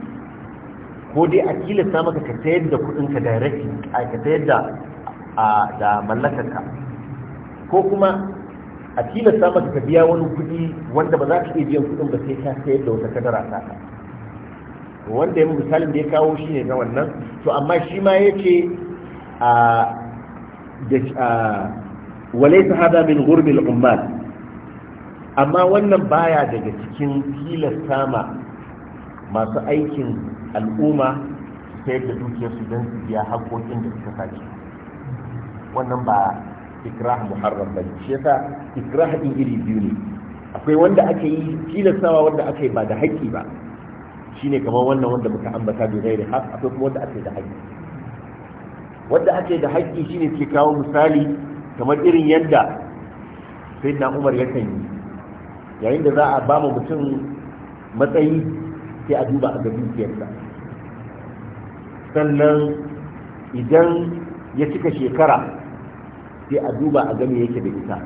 ko dai a tilasta maka ka sayar da kudinka direct a ka sayar da da mallakarka ko kuma a tilasta maka ka biya wani kudi wanda ba za ka iya biyan kudin ba sai ka sayar da wata kadara ta wanda ya misalin da ya kawo shi ne na wannan to amma shi ma ya ce a walai hada min gurbin umar, amma wannan baya daga cikin tilasta ma masu aikin al'umma su sayar da dukiyarsu don su biya haƙoƙin da suka sace wannan ba ikrah muharram bane shi yasa ikrah din iri biyu ne akwai wanda ake yi tilastawa wanda aka yi ba da haƙƙi ba shine kamar wannan wanda muka ambata da gairi haq akwai kuma wanda ake da haƙƙi wanda ake da haƙƙi shine ke kawo misali kamar irin yadda sayyidina Umar ya kan yi yayin da za a ba mu mutum matsayi sai a duba a ga dukiyarsa sannan idan ya cika shekara sai a duba a gami yake da ita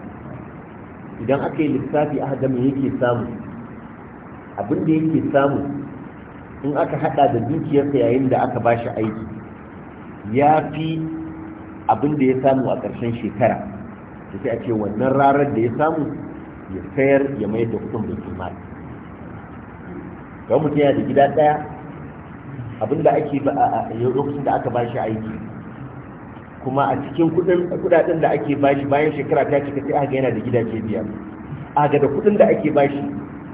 idan aka yi lissafi a gami yake samu abin da yake samu in aka hada da dukiyarsa yayin da aka bashi aiki ya fi abin da ya samu a ƙarshen shekara da sai a ce wannan ranar da ya samu ya sayar ya mai da kudin bankin mali ga mutum yana da gida ɗaya abinda ake ba a lokacin da aka ba shi aiki kuma a cikin kudaden da ake ba shi bayan shekara ta cika sai aka yana da gida biya biyar ga da kudin da ake ba shi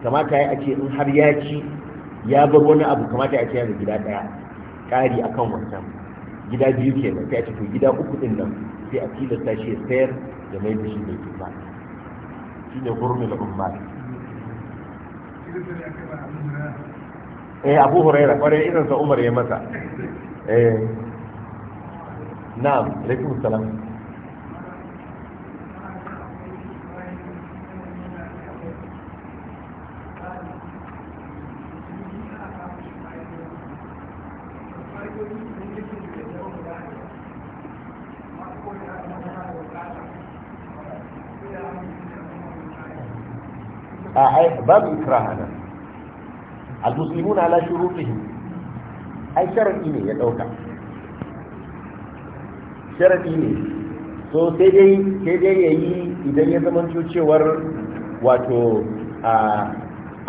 kamata ya ce in har ya ci ya bar wani abu kamata ya ce yana da gida ɗaya ƙari akan wancan gida biyu ke nan sai a ce gida uku din nan sai a tilasta shi ya sayar da mai da shi mai kisa shi ne hurmul umma eh abu huraira kware irin sa umar ya masa eh na'am alaikum salam a babu ikraha nan almuslimuna ala shurutihim ai sharadi ne ya dauka sharadi ne so sai dai sai dai yayi idan ya zama cewar wato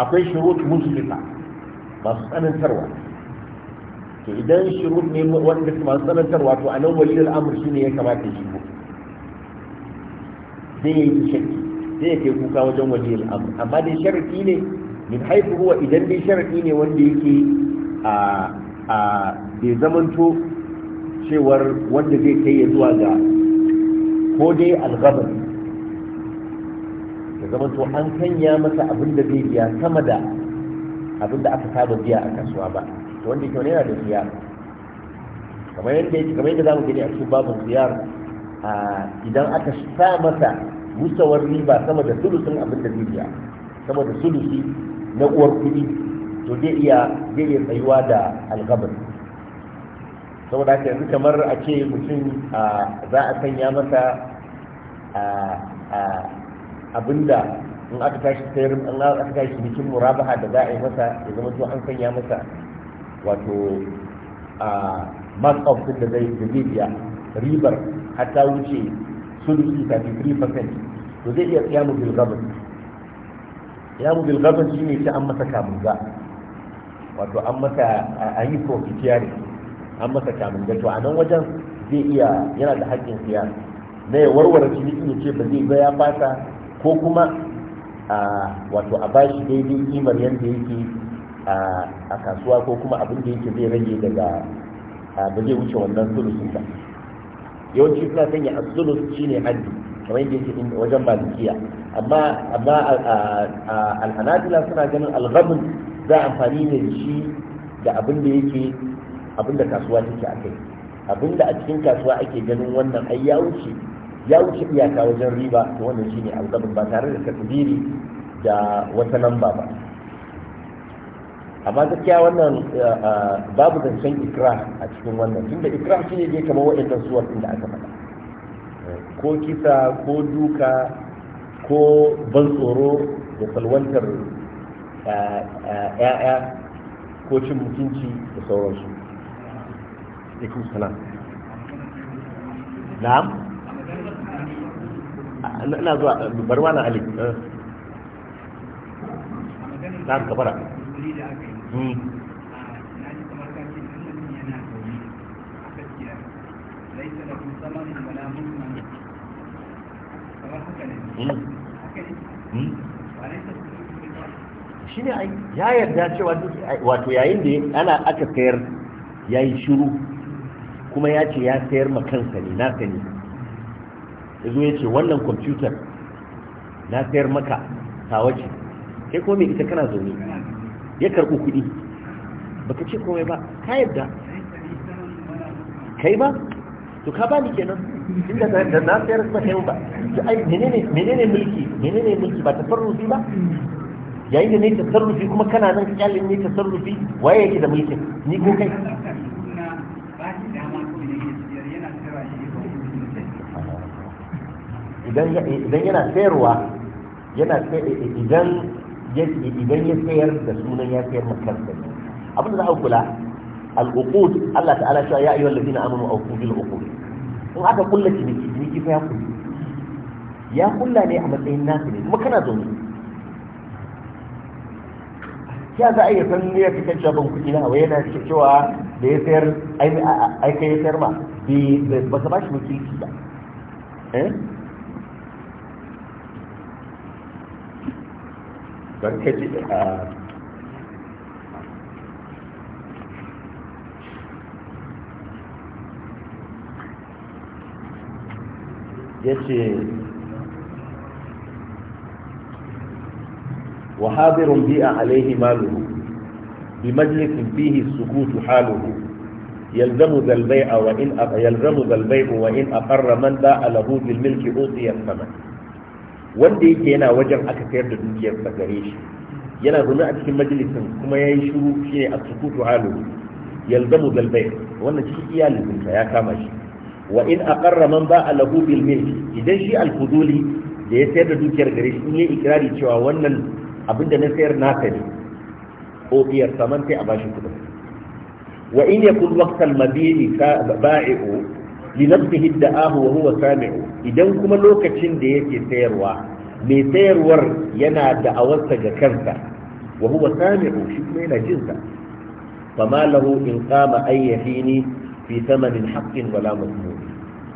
akwai shurut muslifa masu tsanantarwa to idan shurut ne wanda masu tsanantarwa to a nan anan waliyul shi ne ya kamata ya shigo zai yi shakki sai ya kai kuka wajen waje. amr amma dai sharafi ne min haifu huwa idan dai sharafi ne wanda yake a a bai zamanto cewar wanda zai kai ya zuwa ga ko dai algabar ya zamanto an sanya masa abin da zai biya sama da abin da aka saba biya a kasuwa ba to wanda ke wani yana da siyar kamar yadda kamar yadda zamu gani a cikin babin siyar idan aka sa masa mustawar riba sama da sulusun abin da zai sama da sulusi na uwar kuɗi to zai iya zai iya tsayuwa da alkabar saboda haka yanzu kamar a ce mutum za a sanya masa abinda in aka tashi sayar in aka tashi bikin murabaha da za a yi masa ya zama to an sanya masa wato a mark of da zai da zai biya ribar hatta wuce sulusi 33% to zai iya tsiyamu bil gabas tsiyamu bil gabas shine ta an masa kamunga wato an masa an yi profiteering an masa kamunga to a nan wajen zai iya yana da haƙƙin siya na ya warware ciniki ya ce ba zai ba ya fata ko kuma wato a bashi daidai kimar yadda yake a kasuwa ko kuma abin da yake zai rage daga ba zai wuce wannan sulusun ba yawanci suna sanya as shi ne haddi kamar yadda yake wajen malikiya amma amma al-hanabila suna ganin al-ghamun za amfani ne da shi da abin da yake abin da kasuwa take akai abin da a cikin kasuwa ake ganin wannan ai ya wuce ya wuce iyaka wajen riba to wannan shi ne ghamun ba tare da takdiri da wata lamba ba amma gaskiya wannan eh, eh, babu zancen ikra a cikin wannan tunda ikra shi ne dai kamar waɗannan suwar da aka faɗa eh, ko kisa ko duka ko ban tsoro da salwantar ya'ya ko cin mutunci da sauransu ikun sana na'am ina zuwa barwa na ali na'am kabara Hmm. Hmm. Hmm. shi ne ya yarda cewa wato yayin da ana aka sayar ya yi shiru kuma ya ce ya sayar ma ne na sani ya zo ya ce wannan kwamfutar na sayar maka tawa ce kai ita kana zaune ya karɓi kuɗi baka ce komai ba ka yadda kai ba to ka bani kenan inda da na sayar ba kai ba to ai menene menene mulki menene mulki ba tafarrufi ba yayin da ne tasarrufi kuma kana nan kyalin ne tasarrufi waye yake da mulki ni ko kai idan yana sayarwa yana idan idan ya sayar da sunan ya sayar makarsa abin da za a kula al'uqud Allah ta'ala cewa ya ayyuhal ladina amanu awfu bil uqud in aka kulla ciniki ciniki fa ya kulla ya kulla ne a matsayin nasu ne kuma kana zaune ya za a iya san ne ya fi kan ban kuɗi na yana cewa da ya sayar ai kai ya sayar ma ba su ba shi wakilci ba eh? don ka a ya ce wahabirun bi'a alaihi maluhu bi majlisin fihi sukutu haluhu يلزم ذا البيع وإن أ... يلزم ذا البيع وإن أقر من باع له بالملك الثمن wanda yake yana wajen aka sayar da dukiyar sa gare shi yana zaune a cikin majalisin kuma ya yi shuru shi ne a sukutu halu yalzamu zalbai wannan cikin iyalinsa ya kama shi wa in aqarra man ba'a lahu bil milki idan shi al-fuduli da ya sayar da dukiyar gare shi in yi ikrari cewa wannan abin da na sayar naka ne ko biyar saman sai a bashi kudin wa in yakun waqtal mabini ba'i'u linafsihi da'ahu wa huwa sami'u idan kuma lokacin da yake sayarwa mai sayarwar yana da'awarsa ga kansa wa huwa sami'u shi kuma yana jin sa fama lahu in qama ayyafini fi thamanin haqqin wala masmun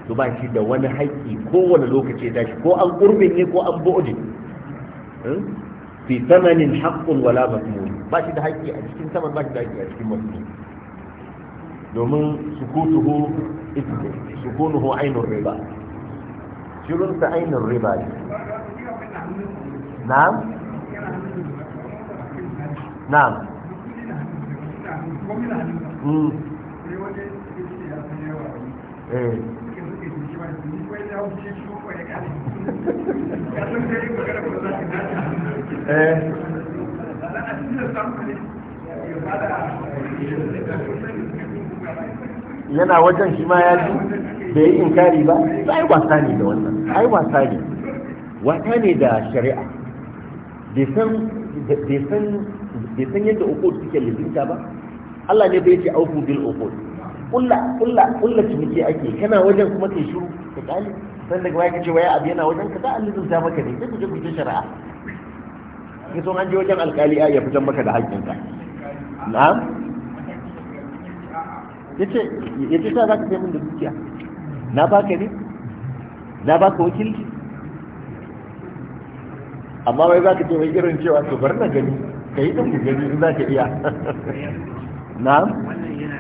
to ba shi da wani haƙƙi kowane lokaci da shi ko an qurbin ne ko an bu'di hmm? fi thamanin haqqin wala masmun ba shi da haƙƙi a cikin saman ba shi da haƙƙi a cikin domin sukutuhu ismi sukunuhu ainun riba shirinsa ainun riba ne na'am na'am hmm. eh, eh. yana wajen shi ma ya ji bai yi inkari ba ai wasa ne da wannan ai wasa ne wasa ne da shari'a bai san yadda uqud suke lizinta ba Allah ne bai ce auku bil uqud kulla kulla kulla ciniki ake kana wajen kuma kai shiru ka kali san daga waya kace waya abu yana wajen ka da an lizinta maka ne sai kuje kuje shari'a ki so an je wajen alkali ya fitan maka da ka. na'am yace yace za zaka kai mun da dukiya na baka ne na baka wakilci amma wai zaka ce wai irin cewa to bar na gani kai din ku gani in zaka iya na'am wannan yana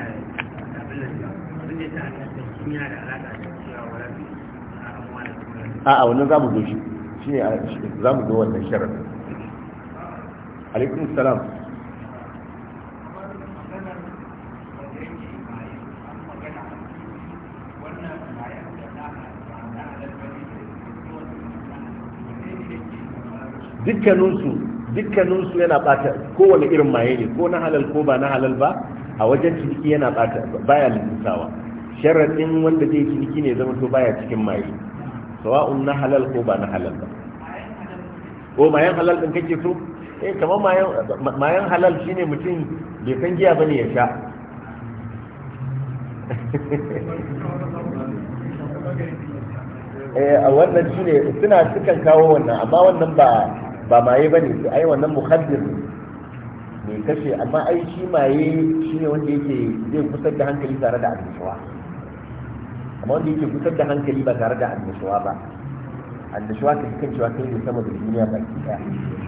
a'a wannan za mu zo shi shi ne za mu zo wannan sharar alaikum salam dukkaninsu dukkaninsu yana bata kowane irin maye ne ko na halal ko ba na halal ba a wajen ciniki yana bata baya lissawa sharaɗin wanda zai ciniki ne zama to baya cikin maye sawa'un na halal ko ba na halal ba ko mayan halal din kake so eh kamar mayan mayan halal shine mutum bai san giya bane ya sha eh a wannan shine suna sukan kawo wannan amma wannan ba ba maye ba ne sai ai wannan muhaddir mai kashe amma ai shi maye shi ne wanda yake zai kusar da hankali tare da annashuwa amma wanda yake kusar da hankali ba tare da annashuwa ba annashuwa ka kan cewa kai ne sama da duniya baki daya mulukan.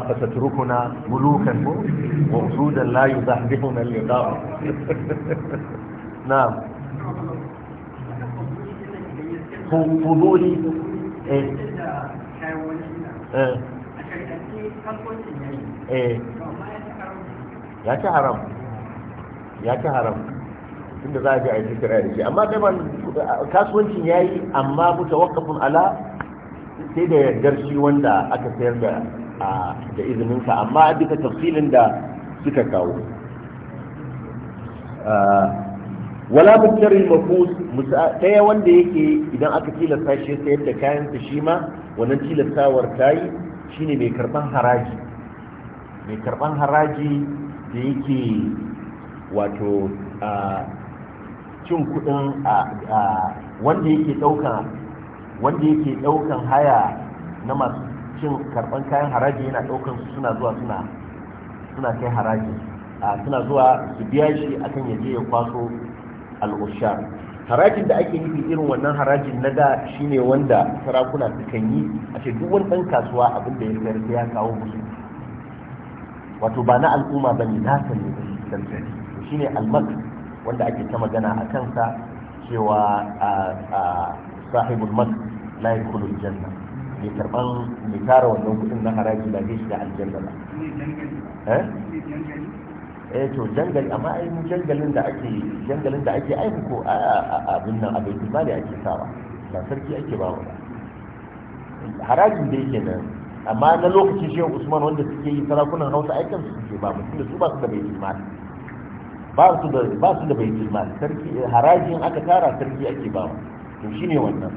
فستتركنا ملوكا وأسودا لا يزحزحنا اللقاء نعم فضولي Eh. Eh. Eh. ya ci haram ya ci haram inda za a ga a yi kira da shi amma daban kasuwancin ya yi amma mutu wakafin ala sai da yardar shi wanda aka sayar da da izininsa amma duka tafsilin da suka kawo ah. wala mutarin mafus ɗaya wanda yake idan aka tilasta shi sayar da kayansa shi ma wannan tilastawar ta yi shine mai karban haraji mai karban haraji da yake wato cin kudin wanda yake daukan wanda yake daukan haya na masu cin karban kayan haraji yana daukan su suna zuwa suna suna kai haraji suna zuwa su biya shi akan yaje ya kwaso al'ushar harajin da ake nufi irin wannan harajin na da ne wanda sarakuna sukan yi a ce duk wani ɗan kasuwa abin da ya sayar sai ya kawo musu wato ba na al'umma ba bane nasa ne da shi shine almak wanda ake ta magana a kansa cewa a sahibul mak la yadkhulu Janna, mai karban mai tara wannan kudin na haraji da zai shiga aljanna ba eh to jangali amma ai jangalin da ake jangalin da ake aiki ko a abin nan abin mali ake sawa ba sarki ake ba wa harajin da yake nan amma na lokacin shehu usman wanda suke yi sarakunan hausa ai su suke ba mu su ba su da bai mali ba su da ba su da bai mali sarki harajin aka tara sarki ake ba wa to shine wannan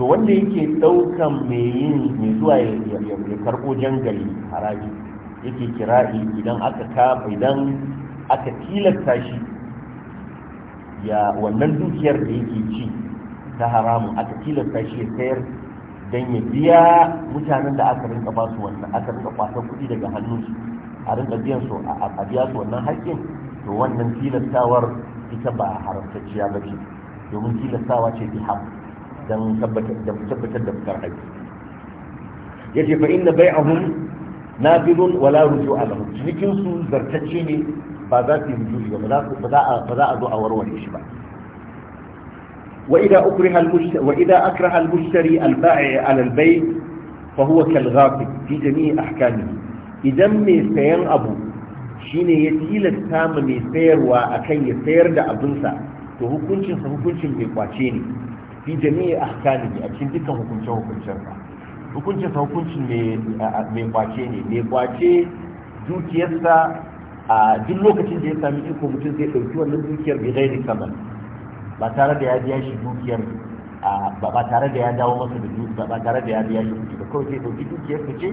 to wanda yake daukan mai yin mai zuwa ya karbo jangali haraji yake kira'i idan aka kafa idan aka tilasta shi ya wannan dukiyar da yake ci ta haramun aka tilasta shi ya sayar don ya biya mutanen da aka rinka ba su wannan aka rinka kwasan kuɗi daga su a rinka biyan su a biya su wannan haƙƙin to wannan tilastawar ita ba haramtacciya ba ce domin tilastawa ce biham don tabbatar da fitar haƙƙi ya ce fa a bai'ahum nabidun wala ruju alahu cikin su zartacce ne ba za su yi rujuji ba ba za a zo a warware shi ba وإذا أكره المشتري وإذا أكره المشتري البائع على البيع فهو كالغاصب في جميع أحكامه إذا مي سير أبو شين يتيل التام مي سير وأكي يسير دا أبنسا فهو كنشن فهو كنشن مي في جميع أحكامه أكين ديكا هو كنشن هو كنشن hukuncin hukuncin mai kwace ne mai kwace dukiyarsa a duk lokacin da ya sami iko mutum zai ɗauki wannan dukiyar bai gairi saman ba tare da ya biya shi dukiyar ba tare da ya dawo masa da dukiya ba tare da ya biya shi kuɗi ba kawai zai ɗauki dukiyar ce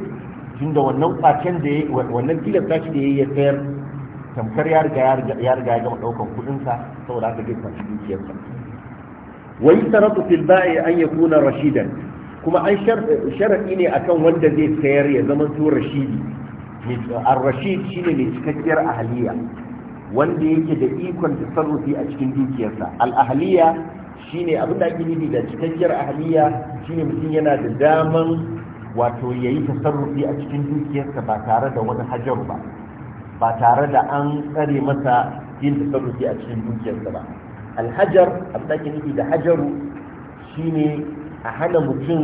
tun da wannan kwacen da ya wannan tilasta shi da ya yi sayar tamkar ya riga ya riga ya gama ɗaukan kuɗinsa saboda haka zai kwaci dukiyarsa wa yi sarrafa fil ba'i an yakuna rashidan kuma an sharaɗi ne akan wanda zai sayar ya zama to rashidi ar-rashid ne mai cikakkiyar ahaliya wanda yake da ikon tasarrufi a cikin dukiyarsa al-ahaliya ne abin da ake da cikakkiyar ahaliya shine mutum yana da daman wato yayi tasarrufi a cikin dukiyarsa ba tare da wani hajar ba ba tare da an tsare masa yin tasarrufi a cikin dukiyarsa ba al-hajar abin da ake da hajaru ne. a hana mutum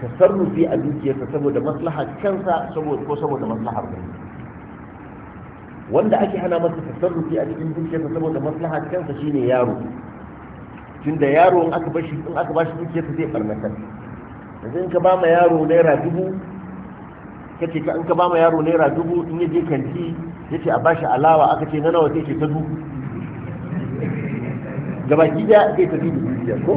tasarrufi a dukiyarsa saboda maslahar kansa saboda ko saboda maslahar wani wanda ake hana masa tasarrufi a cikin dukiyarsa saboda maslahar kansa shine yaro tunda yaro in aka bashi in aka bashi dukiyarsa zai barnatar yanzu in ka ba ma yaro naira dubu kace ka in ka ba ma yaro naira dubu in ya je kanti yace a bashi alawa aka ce na nawa sai ce ta dubu gabaki da zai tafi dubu dukiya ko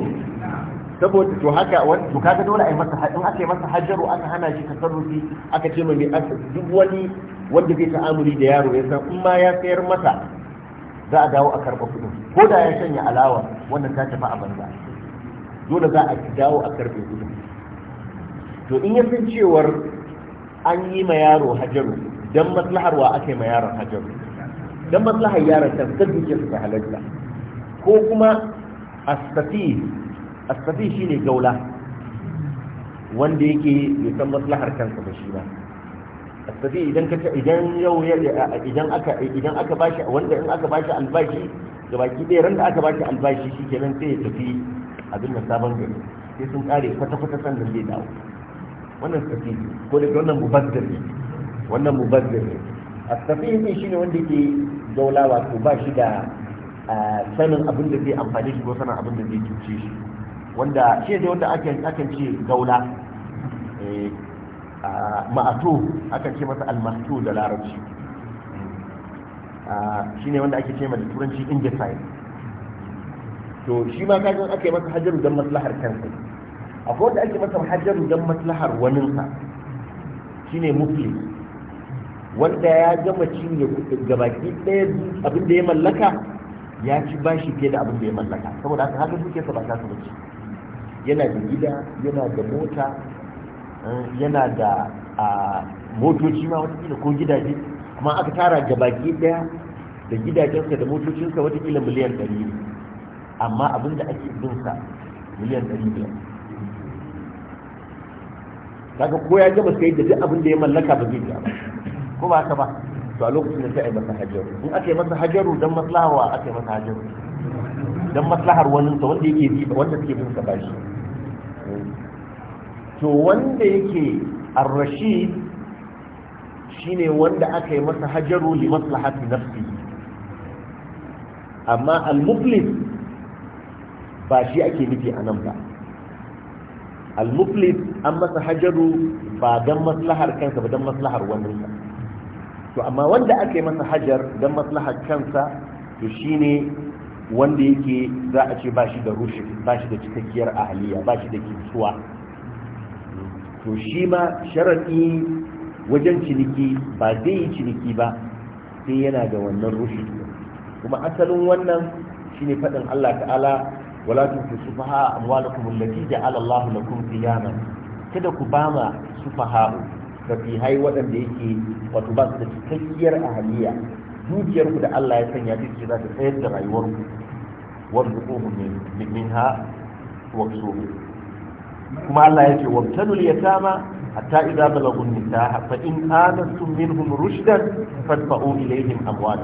saboda to haka wani to kaga dole a masa in aka yi masa hajaru aka hana shi tasarrufi aka ce mai duk wani wanda zai ta'amuli da yaro ya san in ma ya sayar masa za a dawo a karɓa kuɗin ko da ya sanya alawa wannan ta tafi a banza dole za a dawo a karɓe kuɗin to in ya san cewar an yi ma yaro hajaru dan maslahar wa aka yi ma yaron hajaru dan maslahar yaron ta sai dukiyarsa ta halalta ko kuma asfati asafi shi ne gaula wanda yake ya san maslahar kansa ba shi ba asafi idan ka idan yau idan aka idan aka bashi wanda in aka bashi albashi gabaki ɗaya ran da aka bashi albashi shi kenan sai ya tafi abin da sabon gari sai sun kare kwata-kwata da zai dawo wannan safi ko da wannan mubazzir ne wannan mubazzir ne a shi ne shine wanda ke gaulawa ko ba shi da ah, sanin abin da zai amfani shi ko sanin abin da zai cuce shi wanda shi da wanda akan ce gaula eh, ma'atu akan ce masa al-mahtu da larabci shi ne wanda ake ce da turanci ingeside to shi ma kajin ake masa hajjaru don maslahar kansa akwai wanda ake masa hajjaru don maslahar waninsa shi ne muflis wanda ya gama cinye gabaki ɗaya abin da ya mallaka ya ci bashi fiye da abin da ya mallaka saboda haka haka suke sa ba ta su yana da gida yana da mota eh, yana da motoci ma watakila ko gidaje amma aka tara gabaki daya da gidajensa da motocinsa watakila miliyan 100 amma abinda ake binsa miliyan 500 daga ko ya gaba sai da duk abin da ya mallaka ba zai ba ko ba haka ba to a lokacin da sai a yi masa hajaru in aka yi masa hajaru don maslahawa aka yi masa hajaru don maslahar waninsa wanda yake bi wanda suke bin sa bashi to wanda yake ar-rashid shine wanda aka yi masa hajaru li maslahati nafsi amma al-muflis ba shi ake nufi a nan ba al-muflis an masa hajaru ba don maslahar kansa ba don maslahar waninsa to amma wanda aka yi masa hajar don maslahar kansa to shine wanda yake za a ce ba shi da rushe ba shi da cikakkiyar ahaliya ba shi da kintuwa to shi ma sharaɗi wajen ciniki ba zai yi ciniki ba sai yana da wannan rushe kuma asalin wannan shine faɗin Allah ta'ala wala tunfiqu sufaha amwalakum allati ja'ala Allah lakum qiyaman kada ku ba sufaha ka fi hai waɗanda yake wato ba su da cikakkiyar ahaliya dukiyarku da Allah ya sanya ce za ta tsayar da rayuwarku wanda mu min ha wakso kuma Allah ya ce wabtanu liyatama hatta idza balagu nita fa in amantum minhum rushdan fadfa'u ilayhim amwal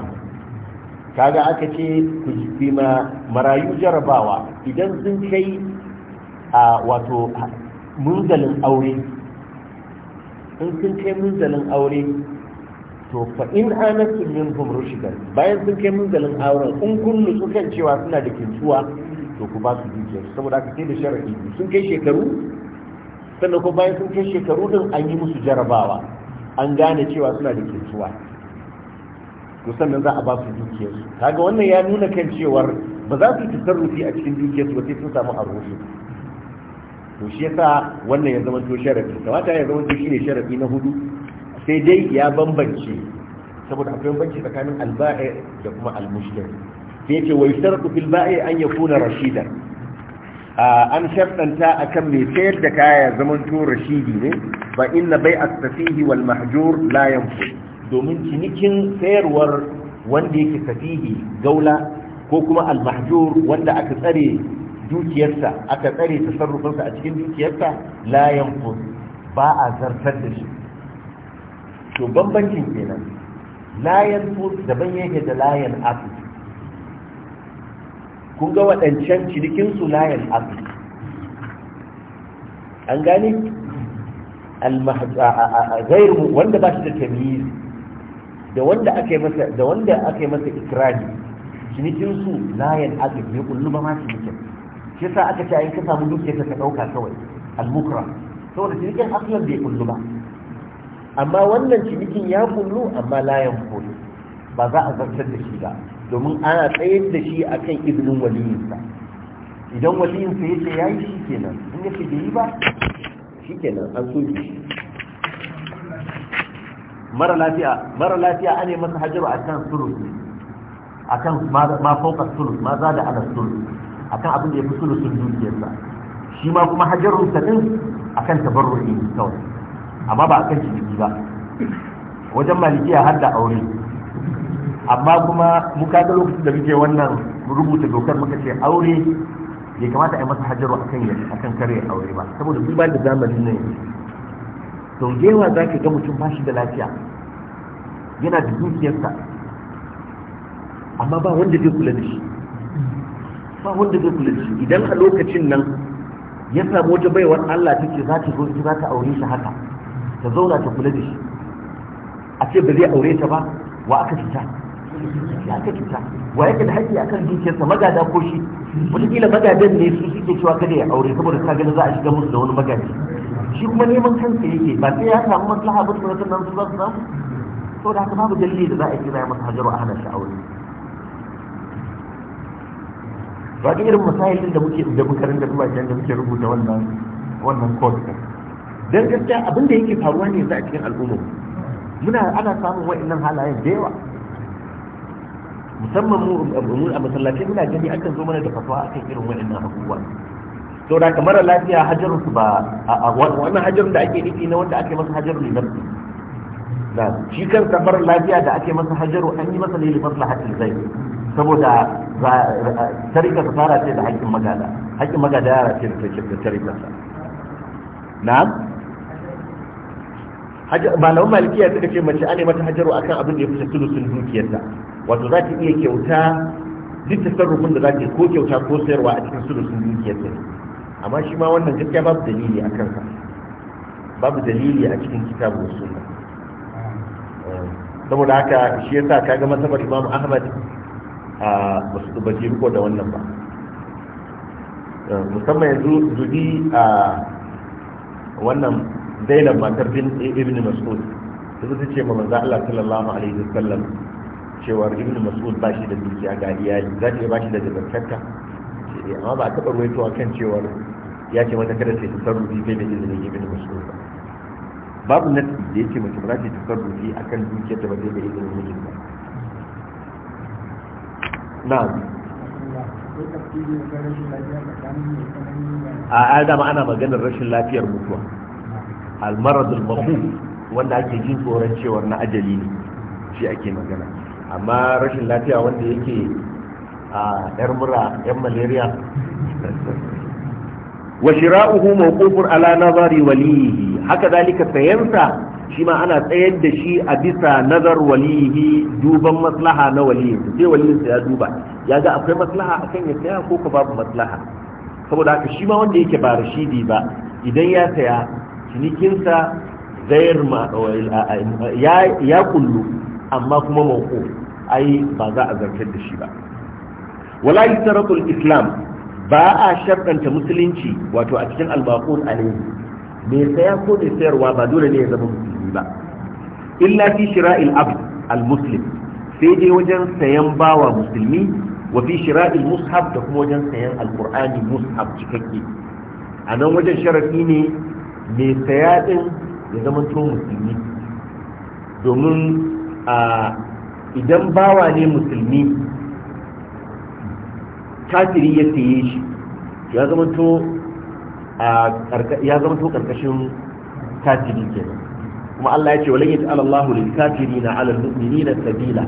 kaga aka ce ku jima ma marayu jarabawa idan sun kai a wato munzalin aure in sun kai munzalin aure to fa in anastu minhum rushidan bayan sun kai munzalin auren in kullu nutsu kan cewa suna da kintsuwa to ku ba su dukiya saboda aka kai da sharadi sun kai shekaru sannan ko bayan sun kai shekaru din an yi musu jarabawa an gane cewa suna da kintsuwa to sannan za a ba su dukiyar kaga wannan ya nuna kan cewar ba za su yi tasarrufi a cikin dukiyar ba sai sun samu arrushi to shi yasa wannan ya zama to sharadi kamata ya zama to shine sharadi na hudu sai dai ya bambance saboda akwai bambanci tsakanin alba'i da kuma almushtari sai yace wai yustaratu fil ba'i an kuna rashida an shartanta akan mai sayar da kaya zaman to rashidi ne ba inna bai'at safihi wal mahjur la yanfu domin cinikin sayarwar wanda yake safihi gaula ko kuma al mahjur wanda aka tsare dukiyarsa aka tsare tasarrufinsa a cikin dukiyarsa la yanfu ba a zartar da shi to bambancin kenan layan food daban yake da layan apple kun ga waɗancan cinikinsu layan apple an gani gairu wanda ba shi da tamizi da wanda aka yi masa da wanda aka yi masa ikrari cinikinsu layan apple ne kullu ba ma cinikin shi sa aka ce ayin ka samu dukiyar ta ɗauka kawai al-mukra saboda cinikin aslan bai kullu ba amma wannan cinikin ya kullu amma layan kullu ba za a zartar da shi ba domin ana tsayar da shi akan izinin waliyinsa idan waliyinsa ya ce ya yi shi kenan in ya ce bai yi ba shi kenan an so shi mara lafiya mara lafiya ane masa kan akan a akan ma fauka sulus ma za da ala a akan abin da ya fi sulusun dukiyarsa shi ma kuma rusa din akan tabarru'i kawai amma ba a kan ciniki ba wajen malikiya har da aure amma kuma muka ga lokacin da muke wannan rubuta dokar muka ce aure bai kamata a yi masa hajjaro akan yi akan kare aure ba saboda duba da zamanin nan to gewa za ka ga mutum ba shi da lafiya yana da dukiyarsa amma ba wanda zai kula da shi ba wanda zai kula da shi idan a lokacin nan ya samu wata baiwar Allah take za ta zo za ta aure shi haka ta zauna ta kula da shi a ce ba zai aure ta ba wa aka cuta ya aka cuta wa yake da haƙƙi akan dukiyarsa magada ko shi wataƙila magadan ne su suke cewa kada ya aure saboda ka gani za a shiga musu da wani magaji shi kuma neman kansa yake ba sai ya samu maslaha ba su nan su za su samu saboda haka babu dalili da za a kira masa hajaru a hana shi aure ba ga irin masahilin da muke da mukarin da kuma da muke rubuta wannan wannan Don gaskiya abin da yake faruwa ne za a cikin al'umma muna ana samun wa'annan halayen da yawa musamman mu a masallaci muna gani akan zo mana da fatawa akan irin wa'annan abubuwa to da kamar lafiya hajarun su ba wannan hajarun da ake nufi na wanda ake masa hajarun ne nafsi na shi kan kamar lafiya da ake masa hajaru an yi masa lili maslahatin zai saboda tarika ta fara ce da haƙƙin magada haƙƙin magada yara ce da tarika sa na'am malamin malikiya suka ce mace ana mata hajaru akan abin da ya fita sun dukiyarta wato za ta iya kyauta duk sarrafin da za ta ko kyauta ko sayarwa a cikin sun dukiyarta amma shi ma wannan gaskiya babu dalili a kansa babu dalili a cikin kitabu da suna. Eh, saboda haka shi ya sa kaga masabar imam ahmad a basu ba riko da wannan ba eh, musamman yanzu zubi a wannan zainab matar bin ibn mas'ud da zai ce ma manzo Allah sallallahu alaihi wasallam cewar ibn mas'ud ba shi da dukiya ga iyali za ta ba shi da zakarta amma ba a taɓa a kan cewar ya ce mata kada ta yi tasarrufi sai da izinin ibn mas'ud ba babu nasi da yake mace ba za ta yi tasarrufi akan dukiyar da ba zai da izinin mijin ba na'am a dama ana maganar rashin lafiyar mutuwa almaradul mahu wanda ake jin tsoron cewar na ajali ne shi ake magana amma rashin lafiya wanda yake a yar mura yan malaria wa shira'uhu mawqufun ala nazari walihi haka zalika sayansa shi ma ana tsayar da shi a bisa nazar walihi duban maslaha na waliyin sai waliyin ya duba ya ga akwai maslaha akan ya saya ko ka babu maslaha saboda haka shi ma wanda yake ba rashidi ba idan ya saya cinikinsa gayar ya kullu amma kuma mako ai ba za a zartar da shi ba wala yusratul islam ba a sharɗanta musulunci wato a cikin almaqul alayhi me saya ko ne sayarwa ba dole ne ya zama musulmi ba illa fi shira'il abd muslim sai dai wajen sayan bawa musulmi wa fi shira'il mushaf da kuma wajen sayan alqur'ani mushaf cikakke a nan wajen sharafi ne mai saya din ya zama to musulmi domin a idan bawa ne musulmi kafiri ya saye shi ya zama to ya zama karkashin kafiri kenan kuma Allah ya ce walan yaj'al Allahu lil kafirina 'ala al mu'minina sabila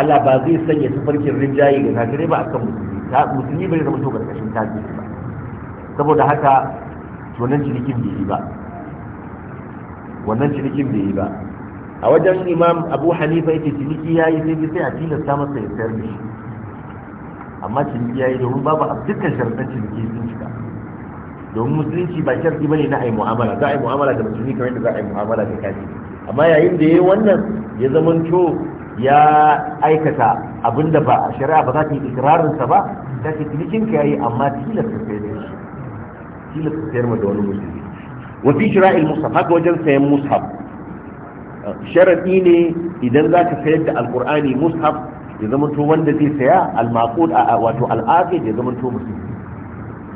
Allah ba zai sanya tafarkin rinjaye ga kafirai ba akan musulmi ta musulmi bai zama to karkashin kafiri ba saboda haka wannan cinikin bai yi ba wannan cinikin bai yi ba a wajen imam abu hanifa yake ciniki ya yi sai sai a tilasta masa ya sayar da shi amma ciniki ya yi domin babu a dukkan sharɗan ciniki sun cika domin musulunci ba ba ne na a yi mu'amala za a yi mu'amala da musulmi kamar yadda za a yi mu'amala da kaji amma yayin da ya yi wannan ya zamanto ya aikata abin da ba a shari'a ba za ta yi ikirarinsa ba ta ce cinikinka ya yi amma tilasta sai da shi kila su sayar da wani musulmi wa fi shira'il mushaf haka wajen sayan mushaf sharadi ne idan za ka sayar da alqur'ani mushaf ya zama to wanda zai saya al-maqud wato al-aqid ya zama to musulmi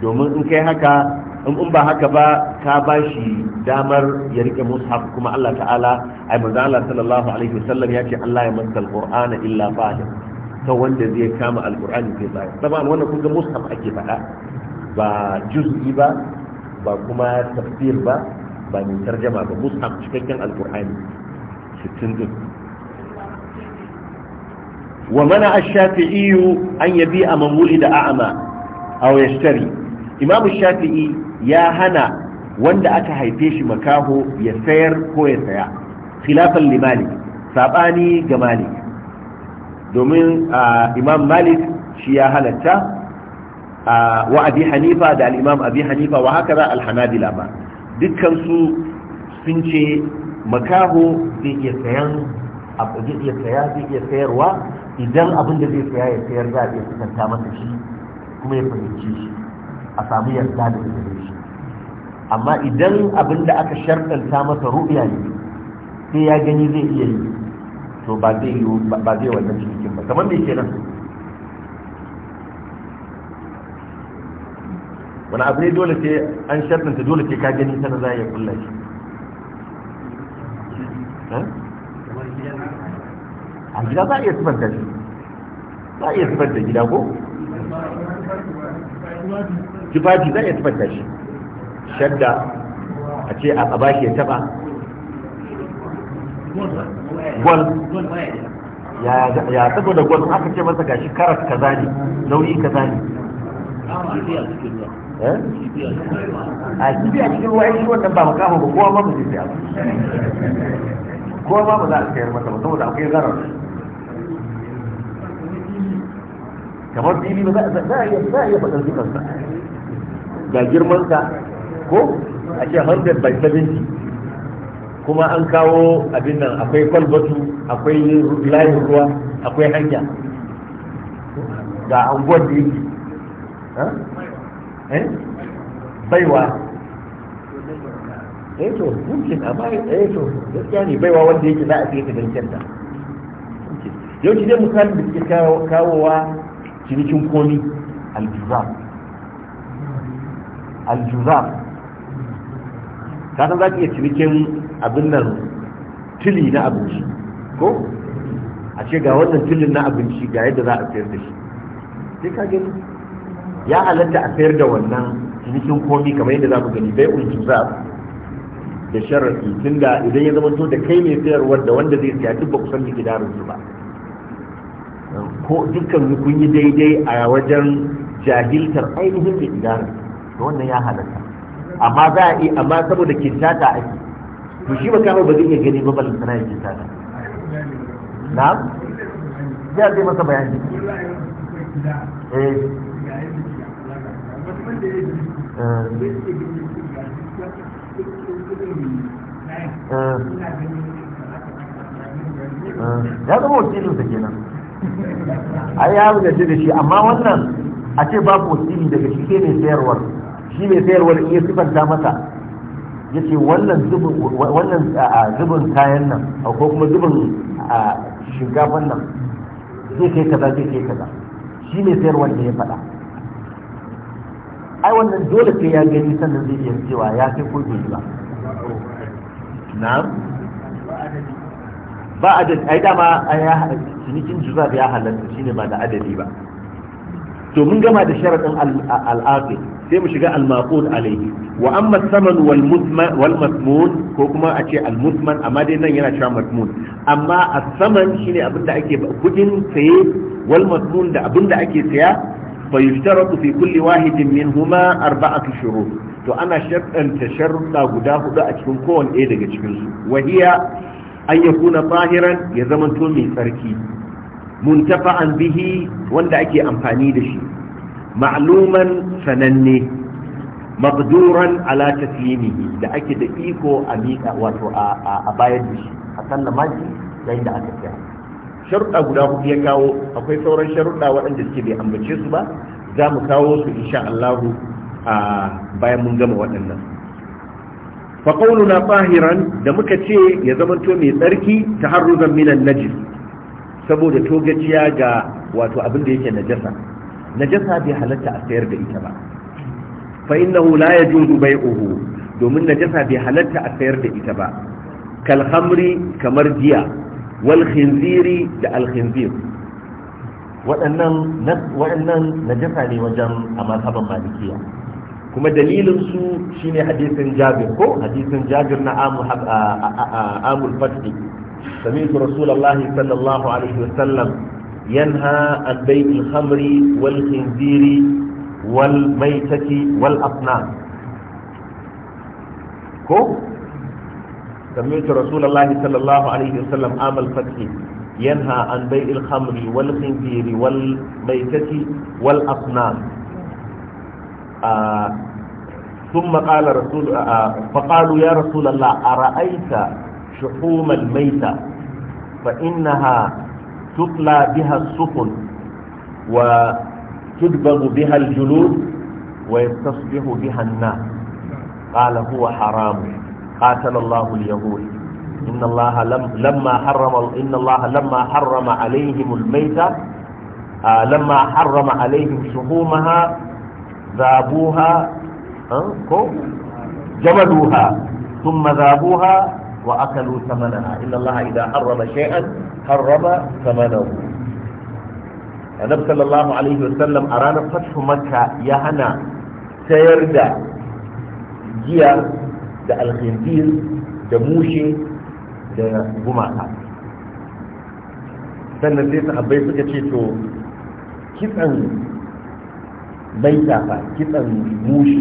domin in kai haka in ba haka ba ka ba shi damar ya rike mushaf kuma Allah ta'ala ai manzo Allah sallallahu alaihi wasallam ya ce Allah ya masa alqur'ana illa fahim ta wanda zai kama alqur'ani zai bayar saboda wannan kun ga mushaf ake faɗa ba juz'i ba ba kuma tafsir ba ba mai tarjama ba mushaf cikakken alkur'ani 60 wa mana ash-shafi'i an yabi a man wulida a'ma aw yashtari imam ash-shafi'i ya hana wanda aka haife shi makaho ya sayar ko ya saya khilafan li malik sabani ga malik domin imam malik shi ya halatta wa abi hanifa da alimam abi hanifa wa haka za al-hanabila ma dukkan sun ce makaho zai iya sayan zai iya saya zai iya sayarwa idan abin da zai saya ya sayar za a iya kusanta masa shi kuma ya fahimci shi a samu yarda da ita shi amma idan abin da aka sharɗanta masa ru'ya ne sai ya gani zai iya yi to ba zai yi wannan cikin ba kamar me kenan wani abu ne dole ce an shartanta dole ce ka gani sana za a iya kulla shi eh? a gida za a iya sifanta shi za a iya da gida ko tufafi za a iya sifanta shi shadda a ce a ba shi ya taɓa? gwal ya saboda gwal aka ce masa gashi karas kaza ne nauyi kaza ne Eh? a kifi cikin ruwa shi wannan ba makama ba kowa ma ba zai siya kowa ma ba za a sayar masa ba saboda akwai zarar kamar fili ba za a iya za a iya faɗin dukansa ga girmansa ko a ce 100 by seventy? kuma an kawo abin nan akwai kwalbatu akwai layin ruwa akwai hanya ga anguwar da yake Eh? baiwa eh to mumkin amma eh to gaskiya ne baiwa wanda yake za a sai ta dan kyanta yau ki dai misalin da kike kawowa cinikin komi aljuzam aljuzam Kana za ki iya cinikin abin nan tili na abinci ko a ce ga wannan tilin na abinci ga yadda za a sayar da shi sai ka gani ya halatta a sayar da wannan cinikin komi kamar yadda zamu gani bai uljuzab da sharadi tunda idan ya zama to da kai mai sayarwar da wanda zai siya duk ba kusan da gidarin su ba ko dukkan kun yi daidai a wajen jahiltar ainihin da gidarin da wannan ya halatta amma za a iya amma saboda kintata ake to shi ba kama ba zai iya gani ba balin sana'a kintata na? Ya zai masa bayani. Eh. ya zama wakilinsa kenan ai ya gaji da shi amma wannan a ce babu wakili daga shi ne sayarwar shi ne sayarwar iya sifanta masa ya ce wannan zubin kayan nan ko kuma zubin shinkafan nan zai kai kaza zai kai kaza shi ne sayarwar da ya faɗa ai wannan dole sai ya gani sannan zai iya cewa ya kai ko bai ba na'am ba adadi ai dama ya cinikin juzab ya halatta shine ba da adadi ba to mun gama da sharadin al'aqi sai mu shiga al-maqud alayhi wa amma saman wal musman wal masmun ko kuma a ce al musman amma dai nan yana cewa masmun amma as-saman shine abinda ake kudin saye wal masmun da abinda ake saya fa yushtaratu fi kulli wahidin minhuma arba'atu shurut to ana sharɗanta sharuɗa guda huɗu a cikin kowanne ɗaya daga cikinsu. su wahiya an yakuna zahiran ya zamanto mai tsarki muntafa'an bihi wanda ake amfani da shi ma'luman sananne mabduran ala taslimihi da ake da iko a miƙa wato a bayar da shi a sallama shi da aka kira sharuɗa guda hudu ya kawo akwai sauran sharuɗa waɗanda suke bai ambace su ba za mu kawo su insha Allah a bayan mun gama waɗannan fa qawluna tahiran da muka ce ya zamanto mai tsarki taharruzan minan najis saboda togaciya ga wato abin da yake najasa najasa bai halatta a sayar da ita ba fa innahu la yajuzu bai'uhu domin najasa bai halatta a sayar da ita ba kal khamri kamar jiya. walhinziri da alhinzir waɗannan najasa ne wajen a mazhaban malikiya kuma dalilin su shine hadisin jabir ko hadisin jabir na amul fatih سمعت رسول الله صلى الله عليه وسلم ينهى عن بيع الخمر والخنزير والميتة والأصنام سمعت رسول الله صلى الله عليه وسلم عام الفتح ينهى عن بيع الخمر والخنزير والميتة والأصنام آه، ثم قال رسول آه، آه، فقالوا يا رسول الله أرأيت شحوم الميتة فإنها تطلى بها السفن وتدبغ بها الجلود ويستصبح بها الناس قال هو حرام قاتل الله اليهود إن الله لم لما حرم إن الله لما حرم عليهم الميتة آه لما حرم عليهم شحومها ذابوها أه؟ جمدوها ثم ذابوها وأكلوا ثمنها إن الله إذا حرم شيئا حرم ثمنه النبي صلى الله عليه وسلم أرانا فتح مكة يهنا سيرد جيا da alkhintir da mushe da gumaka sannan sai sahabbai suka ce to kitsan baita fa kitsan mushi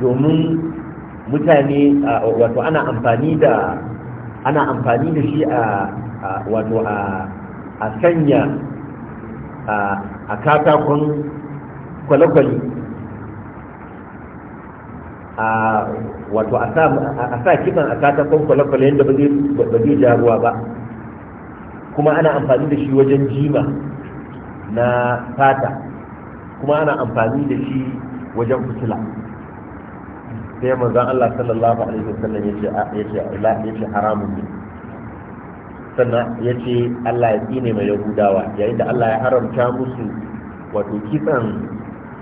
domin mutane wato ana amfani da ana amfani da shi a wato a sanya a katakon kwale-kwale a wato a sa kiban a katakon kwale-kwale yadda ba zai ja ruwa ba kuma ana amfani da shi wajen jima na fata kuma ana amfani da shi wajen fitila sai manzon Allah sallallahu alaihi wasallam ya ce Allah ce haramun ne sannan ya ce Allah ya tsine mai yahudawa yayin da Allah ya haramta musu wato kitsan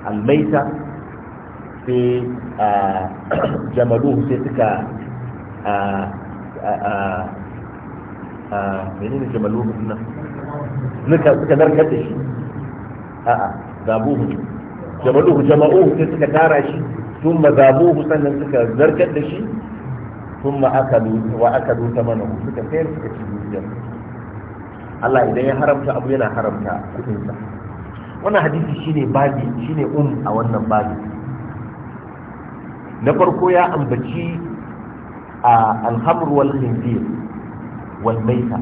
almaita sai a jamaluhu sai suka a a a menene jamaluhu nan suka suka narkar da shi a'a zabuhu jamaluhu jama'u sai suka tara shi sun zabuhu sannan suka narkar da shi sun ma'akalu wa aka ta mana suka sayar suka ci dukiyar Allah idan ya haramta abu yana haramta kudinsa wannan hadisi shine babi shine um a wannan babi na farko ya ambaci a alhamr wal khinzir wal maita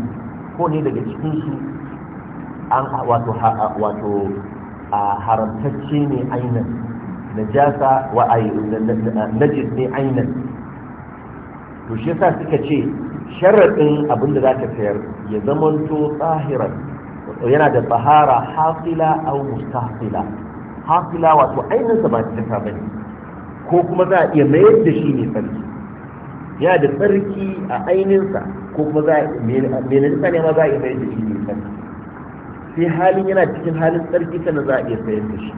ko ne daga cikin su an wato wato haramtacce ne ainihin najasa wa najis ne ainihin to shi yasa suka ce sharaɗin abin da za sayar ya zamanto tsahiran yana da tsahara hafila au mustahfila hafila wato ainihin sa ba ta bane ko kuma za a iya mayar da shi ne sarki ya da sarki a ainihinsa ko kuma za a mai najisa ne ma za a iya mayar da shi ne sarki sai halin yana cikin halin sarki sana za a iya sayar da shi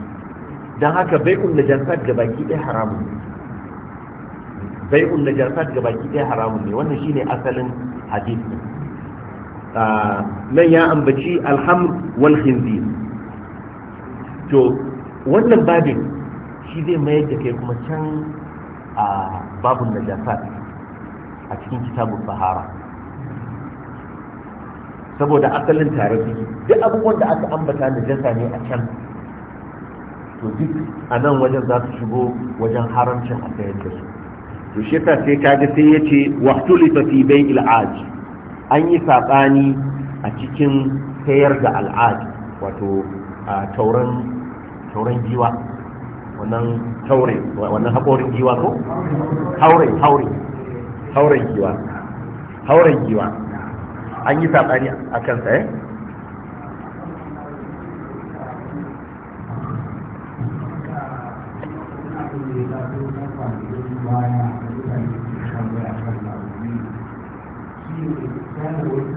don haka bai'un najasat da baki ɗaya haramun ne bai'un najasat da baki ɗaya haramun ne wannan shine asalin hadisi nan ya ambaci alhamd wal khinzir to wannan babin shi zai mayar da kai kuma can a babun najasat a cikin kitabun fahara saboda asalin tare su duk abubuwan da aka ambata jasa ne a can to duk a nan wajen za su shigo wajen haramcin a sayar da su to shi ta sai ga sai ya ce ta fi bai il'ad? an yi saɓani a cikin sayar da al'aji wato a tauran giwa wannan taure wannan haƙorin giwa ko haure haure hauren giwa hauren giwa an yi saɓani a kansa eh Thank you.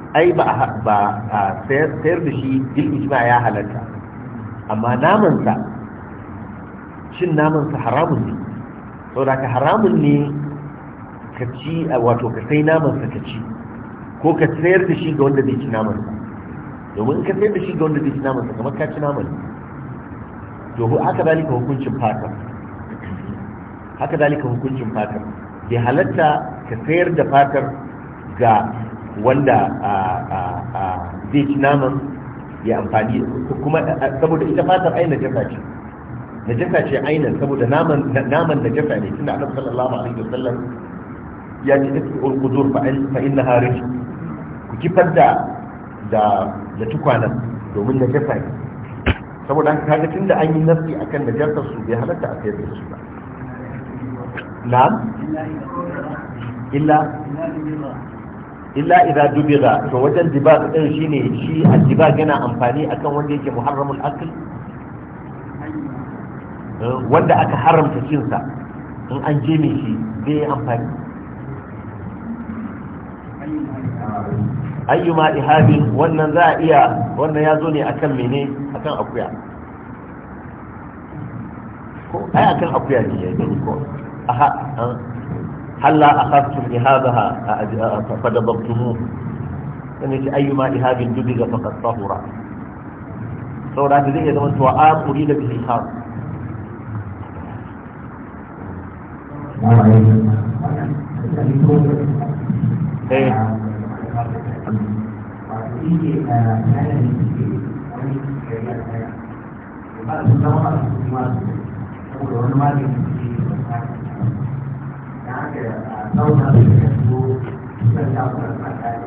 ai ba a sayar da shi bil ijma ya halatta amma namansa cin namansa haramun ne saboda ka haramun ne ka ci wato ka sai namansa ka ci ko ka sayar da shi ga wanda zai ci namansa domin ka sayar da shi ga wanda zai ci namansa kamar ka ci naman domin haka dalika hukuncin fata haka dalika hukuncin fatar bai halatta ka sayar da fatar ga wanda zai ci naman ya amfani kuma saboda ita fatar aina jafa ce najasa ce aina saboda naman najasa ne tunda annabi sallallahu alaihi wasallam ya ce isul qudur fa in fa innaha rijs ku kifar da da da tukwanan domin na najasa ne saboda haka kaga tunda an yi nasi akan najasar su bai halatta a sayar da su ba Na na'am illa illa idza dubiga to wajen dibag din shine shi addibag yana amfani akan wanda yake muharramul akl wanda aka haramta cin sa in an je mai shi zai yi amfani ayyuma ihabin wannan za a iya wannan ya zo ne akan mene akan akuya ko ai akan akuya ne ya gani ko aha هلا أخذتم إهابها فدببتموه اي أيما لهاب دبغ فقد طهر saboda haka zai iya zama cewa a kuri da haka a sauna su ka da ba hana sayar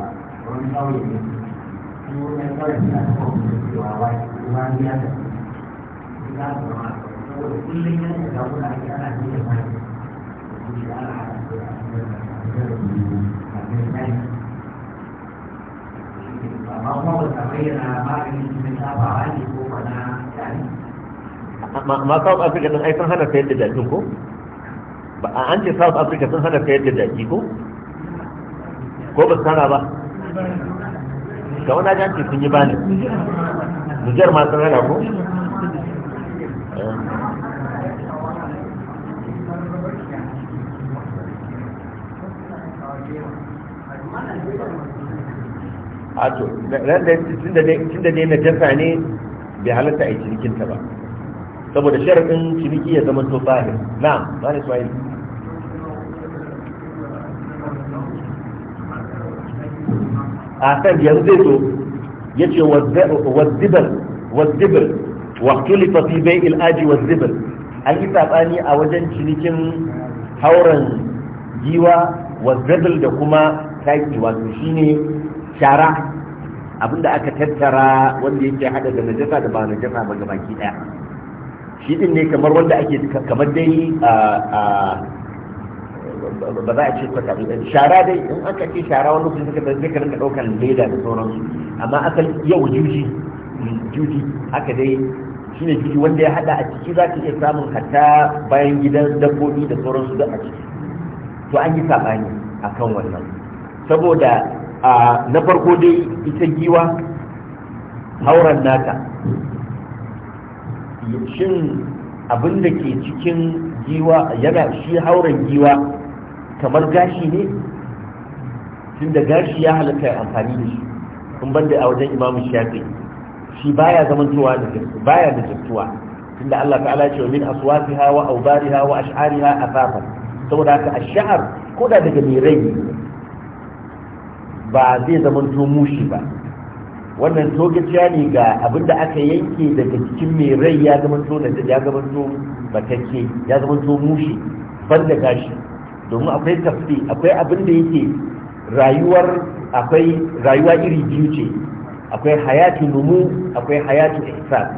da jami'in ba a an ce south africa sun hana sayar da jaki ko ko ba su hana ba ga wani ce sun yi bani nijar ma sun hana ko a to da da ne na jasa ne bai halatta a yi cinikinta ba saboda sharaɗin ciniki ya zama to sahih na'am sani ismail a kan yanzu zai zo ya ce wazibar wazibar wa kulifa fi bai il'aji wazibar an yi saɓani a wajen cinikin hauren giwa wazibar da kuma taki wato shine shara abinda aka tattara wanda yake hada da najasa da ba najasa ba baki daya shi din ne kamar wanda ake kamar dai ba za a ce kwata shara dai in aka ce shara wani lokacin suka zai ka rinka ɗaukar leda da sauransu amma asal yau juji juji aka dai shi ne juji wanda ya hada a ciki za ka iya samun hatta bayan gidan dabbobi da sauransu da a ciki to an yi saɓani a kan wannan saboda na farko dai ita giwa hauren nata shin abin da ke cikin giwa yana shi hauren giwa kamar gashi ne tun da gashi ya halatta ya amfani da shi kun banda a wajen imamu shafi shi baya zamantowa da baya da jattuwa tun da Allah ta'ala ce min aswafiha wa awbariha ha a afafa saboda haka sha'ar ko da daga mai rai ba zai zamanto mushi ba wannan togaciya ne ga abin da aka yanke daga cikin mai rai ya zama to na ya zama to matakke ya zama to mushi ban da gashi domin akwai tafsi akwai abin da yake rayuwar akwai rayuwa iri biyu ce akwai hayatu numu akwai hayatu ihsan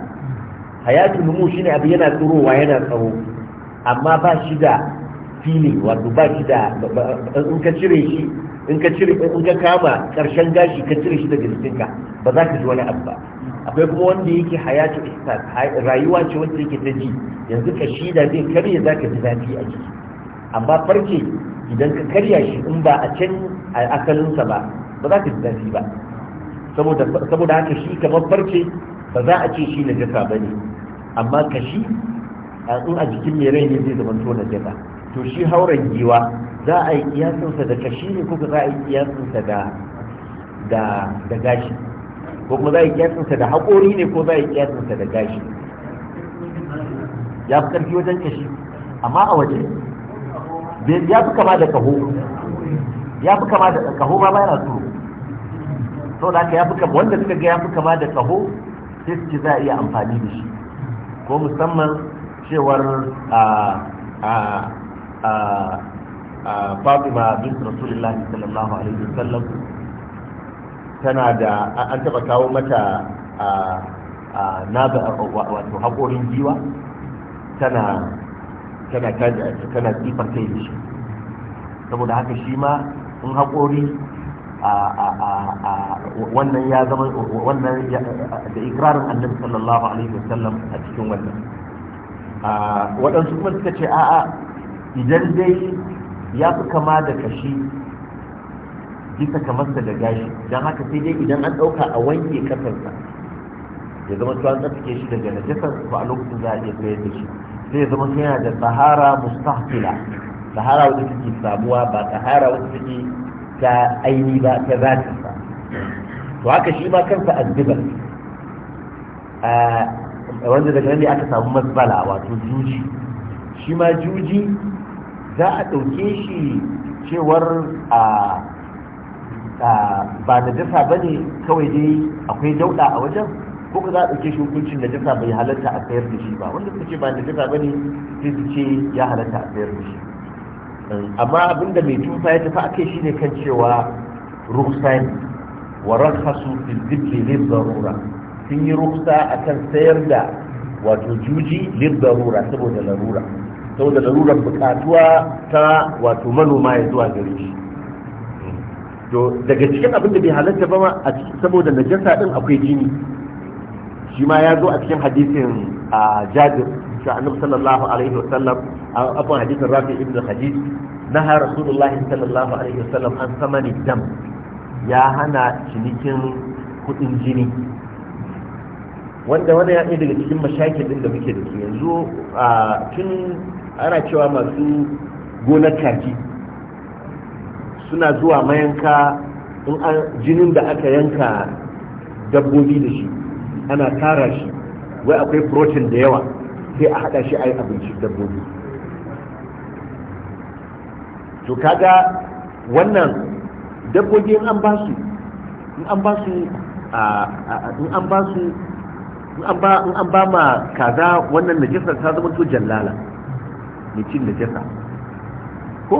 hayatu numu shine abin yana tsurowa yana tsaro amma ba shi da fili wato ba shi da in ka cire shi in ka cire in ka kama karshen gashi ka cire shi daga jikinka ba za ka ji wani abu ba akwai kuma wanda yake hayatu ihsan rayuwa ce wanda yake ta ji yanzu kashi da zai karya za ka ji zafi a jiki amma farke idan ka karya shi in ba a can a asalinsa ba ba za ka ji zafi ba saboda haka shi kamar farce ba za a ce shi na jasa ba ne amma kashi in a jikin mai rai ne zai zama to na jasa to shi hauren giwa za a yi kiyasinsa da kashi ne ko za a yi kiyasinsa da gashi ko kuma za a yi kiyasinsa da haƙori ne ko za a yi kiyasinsa da gashi ya fi ƙarfi wajen kashi amma a waje ya fi kama da kaho ya fi kama da kaho ma yana so sau da aka ya fi kama wanda suka ga ya fi kama da kaho sai suke za a iya amfani da shi ko musamman cewar a ah, ah, ah, fatima bint rasulullahi sallallahu alaihi wasallam tana da an taba kawo mata na wato haƙorin jiwa tana tana tana tsifar kai da shi saboda haka shi ma in haƙori wannan ya zama wannan da ikirarin annabi sallallahu alaihi wasallam a cikin wannan waɗansu kuma suka ce a'a idan dai ya fi kama da kashi bisa kamarsa da gashi don haka sai dai idan an ɗauka a wanke kafarsa ya zama to an tsaftace shi daga najasar ko a lokacin za a iya sayar da shi sai ya zama yana da sahara mustahfila sahara wata take samuwa ba sahara wata take ta aini ba ta zatinsa to haka shi ma kansa azzibar wanda daga nan ne aka samu matsala wato juji shi ma juji za a ɗauke shi cewar a ba da jasa ba ne kawai dai akwai dauɗa a wajen ko ka za a ɗauke shi hukuncin da jasa bai halatta a sayar da shi ba wanda suka ce ba da jasa ba ne sai su ce ya halatta a sayar da shi amma abinda mai tufa ya tafi a kai shi ne kan cewa ruksani wa rakhasu fi dhikri lil darura sun yi ruksa akan sayar da wato juji lil darura saboda larura saboda larurar bukatuwa ta wato manoma ya zuwa gare shi to daga cikin abin da bai halatta ba a saboda najasa din akwai jini shi ma ya zo a cikin hadisin a jabir shi annabi sallallahu alaihi wasallam a abin hadisin rafi ibn hadid naha rasulullah sallallahu alaihi wasallam an samani dam ya hana cinikin kudin jini wanda wani ya daga cikin mashakin ɗin da muke da su yanzu a tun ana cewa masu gonar kaki suna zuwa mayanka in an jinin da aka yanka dabbobi da shi ana tara shi wai akwai protein da yawa sai a haɗa shi a yi abinci dabbobi to kaga wannan dabbobi in an ba su in an ba su in an ba su in an ba ma kaza wannan najisar ta zama to jallala mutum da jasa ko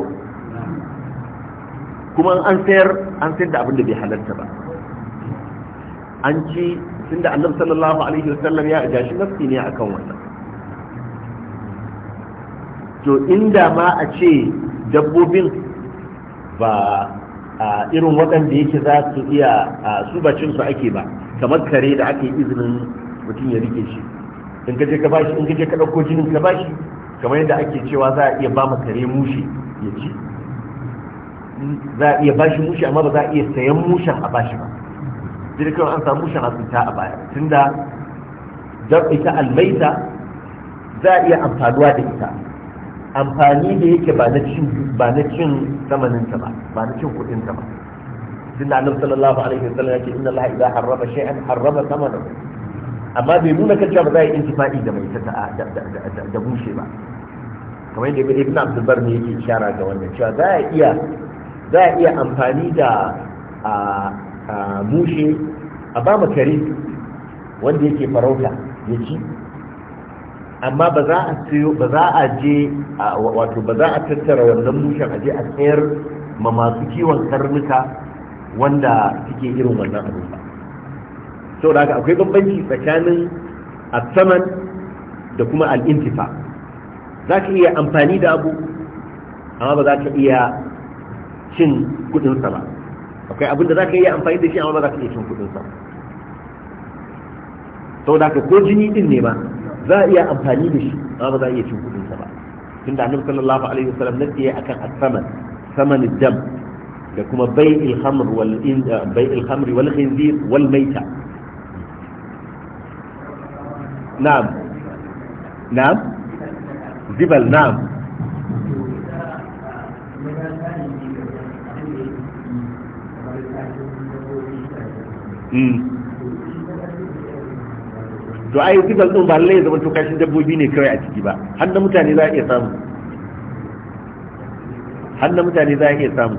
kuma an sayar an sayar da abin bai halarta ba an ci tun da annabi sallallahu alaihi wasallam ya ajashi nafsi ne akan wannan to inda ma a ce dabbobin ba a irin waɗanda yake za su iya a su bacin su ake ba kamar kare da ake izinin mutum ya rike shi in kaje ka bashi in kaje ka ɗauko jinin ka bashi kamar yadda ake cewa za a iya ba ma kare mushi ya ci za a iya ba shi mushi amma ba za a iya sayan mushen a bashi ba jirgin kawai an samu mushen a tsinta a baya tunda don ita almaita za a iya amfanuwa da ita amfani da yake ba na cin ba na cin zamaninta ba ba na cin kudinta ba tunda annabi sallallahu alaihi wasallam yake inna allaha idza harrama shay'an harrama thamanahu amma bai nuna kan cewa ba za a yi intifa'i da mai da bushe ba kamar yadda ibn abdulbar ne yake shara ga wannan cewa za a iya za a iya amfani da bushe a ba mu kare wanda yake farauta ya ci amma ba za a tsayo ba za a je wato ba za a tattara wannan bushen a je a sayar ma masu kiwon karnuka wanda suke irin wannan abin ba saboda haka akwai bambanci tsakanin asaman da kuma al'intifa za ka iya amfani da abu amma ba za ka iya cin kudinsa ba akwai abin da za ka iya amfani da shi amma ba za ka iya cin kudinsa ba saboda haka ko jini din ne ba za a iya amfani da shi amma ba za a iya cin kudinsa ba tunda annabi sallallahu alaihi wasallam nake yi akan asaman saman dam da kuma bai'il khamr wal bai'il khamr wal khinzir wal maita نعم نعم zibal نعم hmm. to ai zibal din ba lallai zama to kashin dabbobi ne kawai a ciki ba har da mutane za a iya samu har da mutane za a iya samu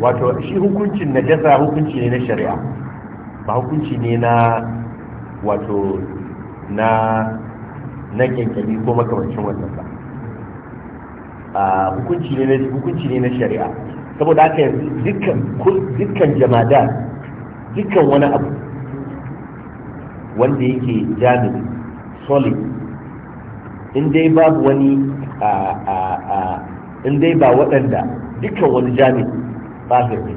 wato shi hukuncin na najasa hukunci ne na shari'a ba hukunci ne na wato na na kyankyami ko makamancin wannan ba hukunci ne na hukunci ne na shari'a saboda haka yanzu dukkan dukkan jama'a dukkan wani abu wanda yake jami solid in dai babu wani in dai ba waɗanda dukkan wani jami bahir ne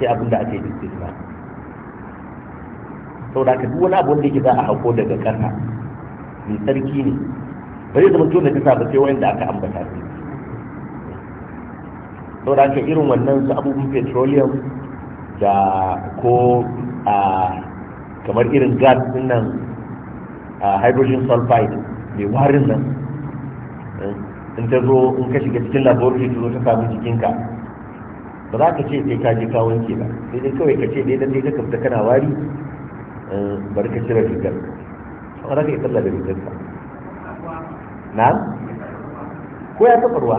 sai abin da ake istisna saboda haka duk wani abu wanda yake za a hako daga ƙasa mai tsarki ne ba zai zama tona kasa ba sai wanda aka ambata su sau da irin wannan su abubuwan petroleum da ko a kamar irin gas din nan hydrogen sulfide mai warin nan eh, in ta zo in ka shiga cikin laboratory ta zo ta samu jikinka ba za ka ce sai ka je kawon ke ba sai dai kawai ka ce dai dan dai ka kafta kana wari eh, bari ka cire rigar ba za ka yi tsalla da rigar ka na ko ya taɓa ruwa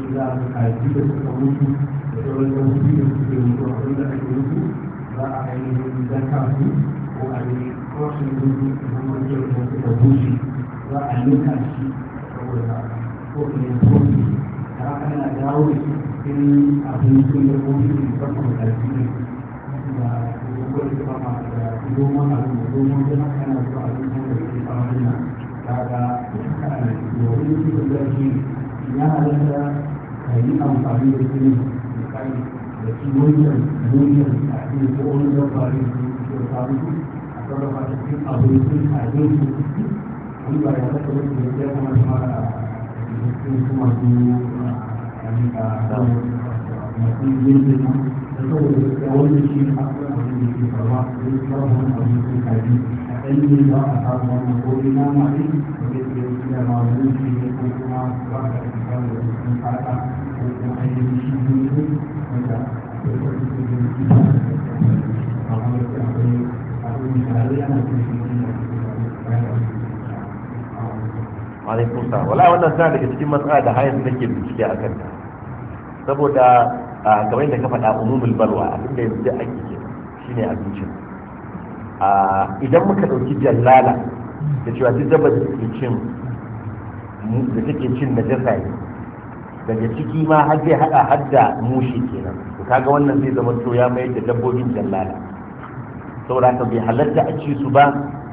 su za a kaji da suka mutu da sauran yahudu da suke mutu a wanda ake mutu za a ainihin zaka su ko a yi kwashin mutu kamar wajen da suka bushe za a nuka shi saboda ko ne kofi da haka na dawo da shi cikin abincin da kofi da musamman da shi ne da kokorin da ba da domin abu da domin zama kana zuwa abincin da ke kaga kana da wani da shi yang ada dari kaum kami di sini, dari kemudian, kemudian, dari kaum yang kami di sini, dari kaum yang kami di sini, dari kaum yang kami di sini, dari kaum yang kami di sini, dari kaum yang kami di sini, dari kaum yang kami di sini, dari kaum yang kami di sini, dari kaum yang kami di sini, dari kaum yang kami di sini, dari kaum yang kami di sini, سيد وأصحاب المنصور wala wannan sa daga cikin matsala da hayan da ke bincike a kanta. Saboda ah, kamar da ka faɗa umumul balwa abinda yanzu ake ke shine abincin. idan muka ɗauki jallala da cewa duk dabar da take cin da take cin ne daga ciki ma har zai hada hadda mushi kenan to kaga wannan zai zama to ya mai da dabbobin jallala saboda ka bai halatta a ci su ba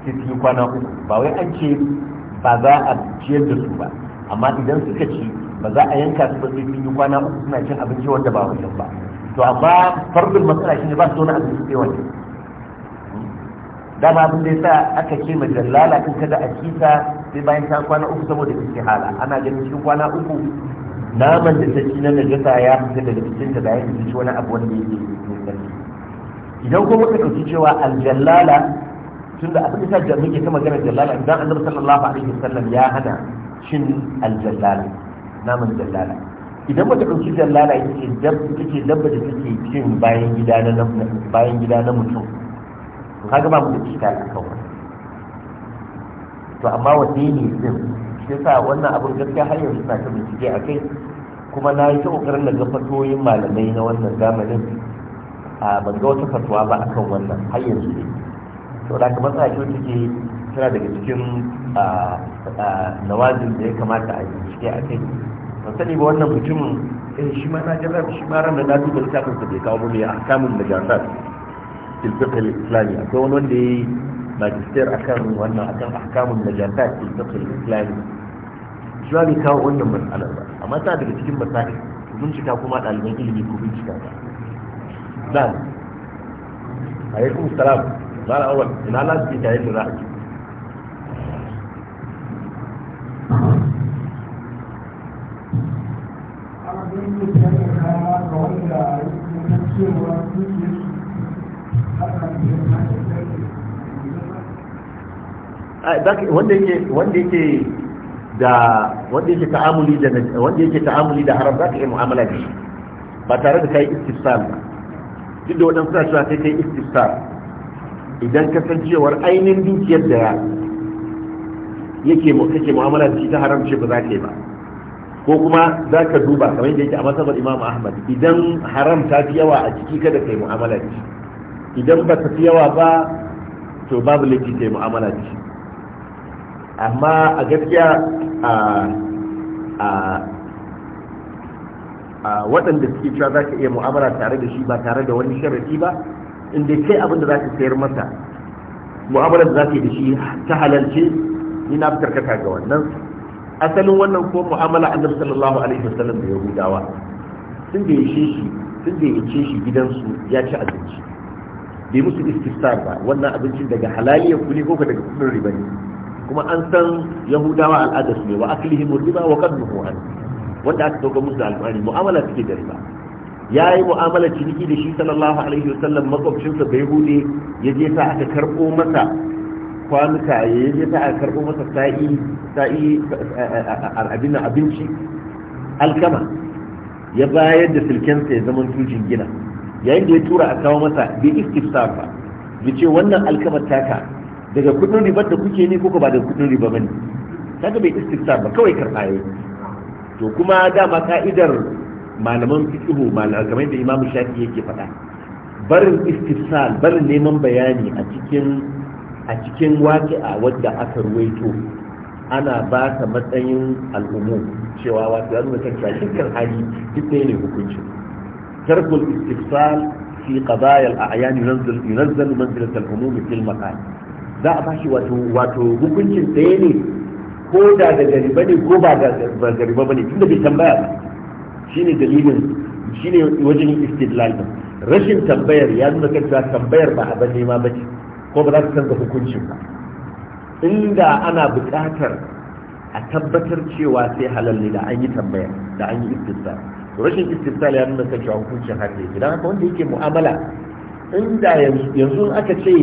sai su yi kwana uku ba wai an ce ba za a ciyar da su ba amma idan suka ci ba za a yanka su ba sai sun yi kwana uku suna cin abinci wanda ba wajen ba to amma farbin matsala ne ba su na abinci sai wajen dama abin da sa aka ke ma jallala in kada a kisa sai bayan ta kwana uku saboda hala ana ganin cikin kwana uku naman da ta ci na najasa ya fita daga cikin ta da ta ci wani abu wanda yake sarki idan kuma ka ɗauki cewa aljallala tun da abin da muke ta magana jallala idan annabi sallallahu alaihi wasallam ya hana shin aljallala naman jallala idan mata ɗauki jallala yake dabba dabba da take cin bayan gida na mutum kaga ba mu da iska a kawai to amma wanne ne zin shi yasa wannan abin gaskiya har yanzu na ta bincike a kai kuma na yi ta kokarin da fatoyin malamai na wannan zamanin a ban ga wata fatuwa ba akan wannan har yanzu ne to da kamar sa take tana daga cikin nawazin da ya kamata a bincike a kai ban sani ba wannan mutumin eh, shi ma na jarraba shi ma ranar da na duba littafin bai kawo mu ne a kamun najasar filfiqh al-islami akwai wani wanda ya yi akan wannan akan ahkamun najasat filfiqh al-islami shi ba bai kawo wannan matsalar ba amma ta daga cikin masail bincika kuma ɗaliban ilimi ku bincika ba dan alaikum salam mala awal ina lafi ta yadda za a ci Thank you. wanda yake wanda yake da wanda yake ta'amuli da wanda yake ta'amuli da haram zaka yi mu'amala da shi ba tare da kai istisal ba duk da wadansu suna cewa sai kai istisal idan ka san cewar ainihin dukiyar da yake kake mu'amala da shi ta haram ce ba za ka yi ba ko kuma za ka duba kamar yadda yake a masabar imam ahmad idan haram ta fi yawa a ciki kada kai mu'amala da shi idan ba ta fi yawa ba to babu laifi ta yi mu'amala da shi amma a gaskiya a waɗanda suke cewa za ka iya mu'amala tare da shi ba tare da wani sharadi ba inda kai abin da za ka sayar masa mu'amalar da za ka yi da shi ta halalce ni na fitar kaka ga wannan asalin wannan ko mu'amala annabi sallallahu alaihi wasallam da yahudawa sun da ya shi sun da ya ce shi gidansu ya ci abinci bai musu istisar ba wannan abincin daga halaliyar kuli ko daga kudin riba ne kuma an san yahudawa al'ada su ne wa aklihim riba wa qadmuhu an wanda aka dauka musu alƙur'ani mu'amala take da riba yi mu'amala ciniki da shi sallallahu alaihi wasallam makwabcin sa bai hude ya je sa aka karbo masa kwanuka ya je sa aka karbo masa sa'i sa'i abin abinci alkama ya bayar da silkensa ya zama tujin gina yayin da ya tura a kawo masa bi istifsar ba ya ce wannan alkamar taka daga kudin ribar da kuke ne ko ba daga kudin riba bane kaga bai istifsar ba kawai karɓa yayi to kuma dama ka'idar malaman fiqh malaman kamar da Imam Shafi yake faɗa barin istifsal barin neman bayani a cikin a cikin waƙi'a wadda aka ruwaito ana ba ta matsayin al'umu cewa wato ya nuna kan shakkan hali duk ne hukuncin ترك الاستفسار في قضايا الأعيان ينزل ينزل منزلة العموم في المقال za a bashi wato wato hukuncin tsaye ne ko da da gariba ne ko ba da gariba ba ne tun da bai tambaya ba shine dalilin shine wajen istidlal rashin tambayar ya nuna kan cewa tambayar ba abin nema ba ce ko ba za su canza hukuncin ba inda ana buƙatar a tabbatar cewa sai halal ne da an yi tambaya da an yi istidlal rashin istifsal ya nuna kan cewa hukuncin haka yake don haka wanda yake mu'amala inda yanzu aka ce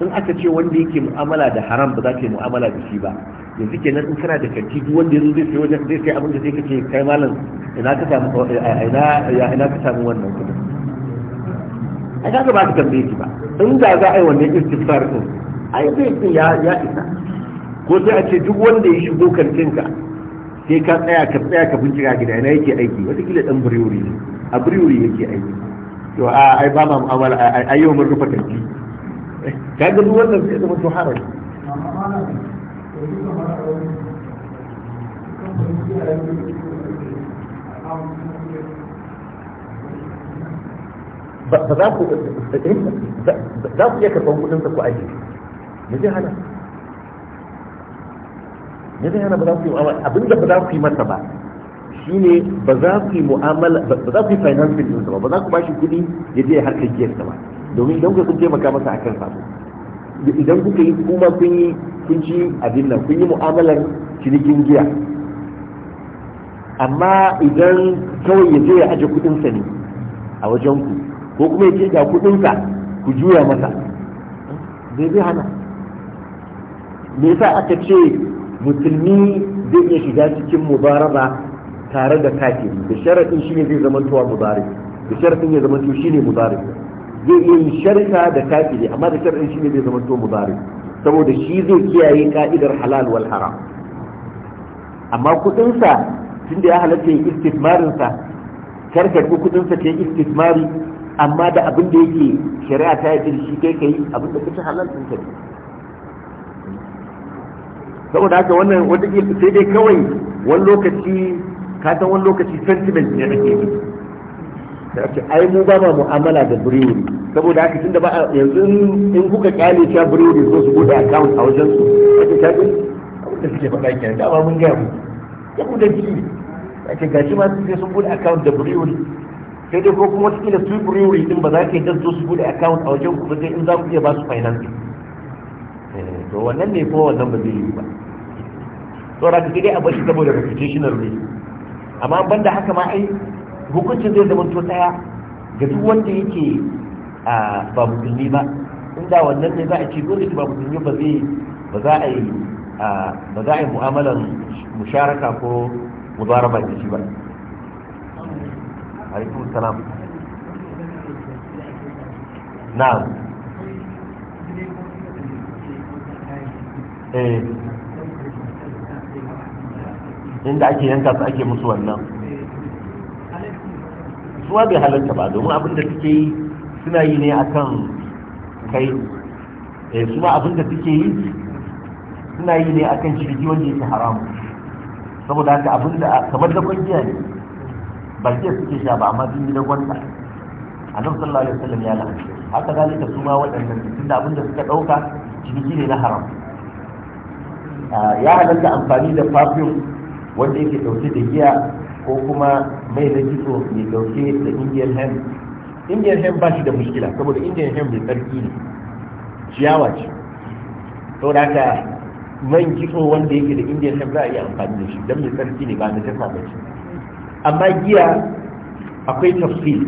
in aka ce wanda yake mu'amala da haram ba za ka yi mu'amala da shi ba yanzu kenan in kana da kanti duk wanda yanzu zai sai wajen zai sai abin da zai kace kai malam ina ka samu ina ya ina ka samu wannan kudin ai kaga ba ka tambaye shi ba in da za a yi wannan istifsal din ai zai ya ya isa ko sai a ce duk wanda ya shigo kantinka sai ka tsaya ka tsaya ka bincika gida ina yake aiki wataƙila ɗan biriwuri ne a biriwuri yake aiki to a ai ba ma mu'amala a yau mun rufa kanti ka ga duk wannan sai zama to haram ba za ku za ku iya karɓar kuɗinsa ku aiki? mu ji hana ne yana ba za ku yi mu'amala abinda ba za ku yi masa ba shine ba za ku yi mu'amala ba za ku yi financing din ba ba za ku bashi kuɗi ya je harkar giyar ba domin idan ku kuke maka masa akan sabo idan kuka yi kuma kun yi kun ci abin nan kun yi mu'amalar cinikin giya amma idan kawai ya je ya aje kuɗinsa ne a wajen ku ko kuma ya ce ga kuɗinsa ku juya masa zai zai hana me yasa aka ce musulmi zai iya shiga cikin mubaraba tare da kafiri da sharaɗin shine zai zama tuwa mubarib da sharaɗin ya zama to shine mubarib zai iya yin sharka da kafiri amma da sharaɗin shine zai zama to mubarib saboda shi zai kiyaye ka'idar halal wal haram amma kuɗinsa tunda ya halatta yin istismarinsa karkar ko kuɗinsa ta yi istismari amma da abin da yake shari'a ta yi shi kai kai abin da kace halal ɗin ka ne saboda haka wannan wata sai dai kawai wani lokaci ka san wani lokaci sentiment ne ake yi da ake ai mu ba ma mu'amala da brewery saboda haka tunda ba yanzu in kuka kyale sha brewery so su bude account a wajen su ake kafin abinda suke faɗa kenan dama mun gaya mu ya ku da jiki ake gashi ma sai sun bude account da brewery sai dai ko kuma wata kila su brewery din ba za ka yi dan su bude account a wajen ku ba sai in za ku iya ba su finance to wannan ne kuma wannan ba zai yi ba to ra ka dai a bashi saboda reputational reason amma banda haka ma ai hukuncin zai zama to tsaya ga duk wanda yake a ba musulmi ba inda wannan ne za a ce dole ba musulmi ba zai ba za a yi ba za a yi mu'amalan musharaka ko mudaraba da shi ba alaikum salam na'am eh inda ake yanka su ake musu wannan suwa bai halarta ba domin abin da suke yi suna yi ne akan kai eh su ma abin da suke yi suna yi ne akan shirgi wanda yake haramu saboda haka abin da kamar da kwanciya ne ba ke suke sha ba amma sun yi da gwanta nan sallallahu alaihi wasallam ya lalace haka zalika su ma waɗannan tunda abin da suka ɗauka shirgi ne na haramu ya halatta amfani da perfume wanda yake dauke da giya ko kuma mai na jiso mai dauke da indian hemp indian hemp ba shi da mushkila saboda indian hemp mai tsarki ne ciyawa ce da, ka man jiso wanda yake da indian hemp za a iya amfani da shi don mai tsarki ne ba na jasa ba ce amma giya akwai tafsir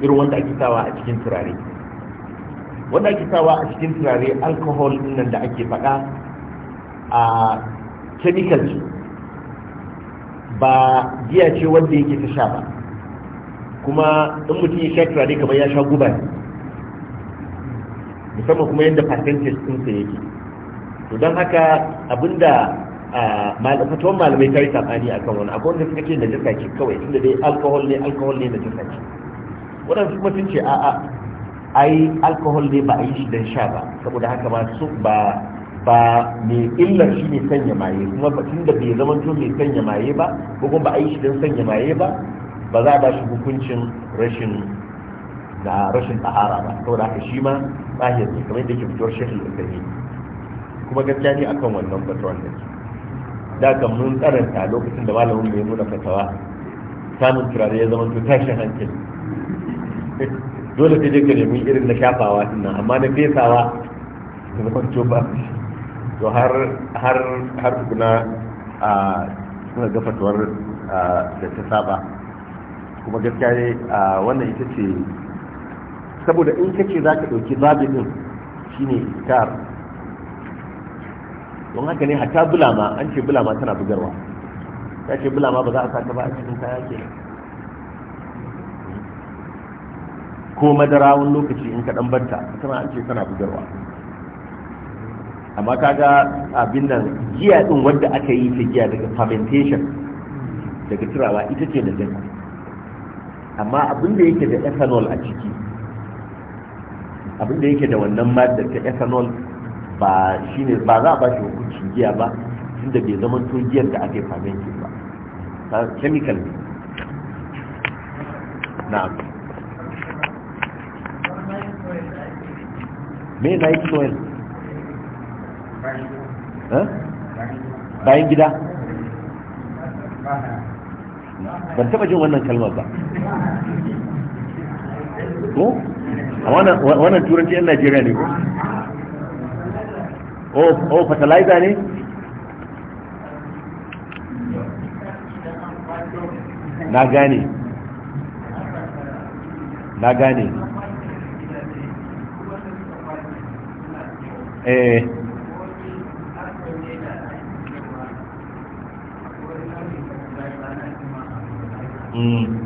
irin wanda ake sawa a cikin turare wanda ake sawa a cikin turare alcohol nan da ake faɗa a chemical ce ba giya ce wanda yake ta sha ba kuma in mutum ya sha turare kamar ya sha guba ne musamman kuma yadda percentage sa yake to don haka abinda fatuwan malamai ta yi a kan wani akwai wanda suka ce na jirka ce kawai tunda dai alkohol ne alkohol ne na jirka ce waɗansu kuma sun ce a'a ai alkohol ne ba a yi shi don sha ba saboda haka ba su ba ba mai illar shi ne sanya maye kuma batun da bai zama to mai sanya maye ba ko kuma ba a yi shi don sanya maye ba ba za a ba shi hukuncin rashin da rashin tahara ba saboda haka shi ma tsahir ne kamar yadda ke fitowar shekul ibrahim kuma gaskiya ne akan wannan fatawar da ke da kan mun karanta lokacin da malamin mai nuna fatawa samun turare ya zama to tashin hankali dole sai dai ka nemi irin na shafawa din amma na fesawa da zama ba to har har har kuna a suna gafatuwar da ta saba kuma gaskiya ne wannan ita ce saboda in kace za ka ɗauki babi ɗin shine iftar don haka ne hatta bulama an ce bulama tana bugarwa ta ce bulama ba za a saka ba a cikin kaya ke ko madara wani lokaci in ka ɗan banta tana an ce tana bugarwa amma kaga abin nan giya din wanda aka yi ta giya daga fermentation daga turawa ita ce da zai amma abin da yake da ethanol a ciki abin da yake da wannan madar ta ethanol ba shine ba za a ba shi hukuncin giya ba tun da bai zama to giyar da aka yi fermentation ba chemical ne na'am me na yi soil Eh? bayan gida ban taba jin wannan kalmar ba ko a wannan turanci yan najeriya ne ko oh fertilizer ne na gane na gane eh ne mm.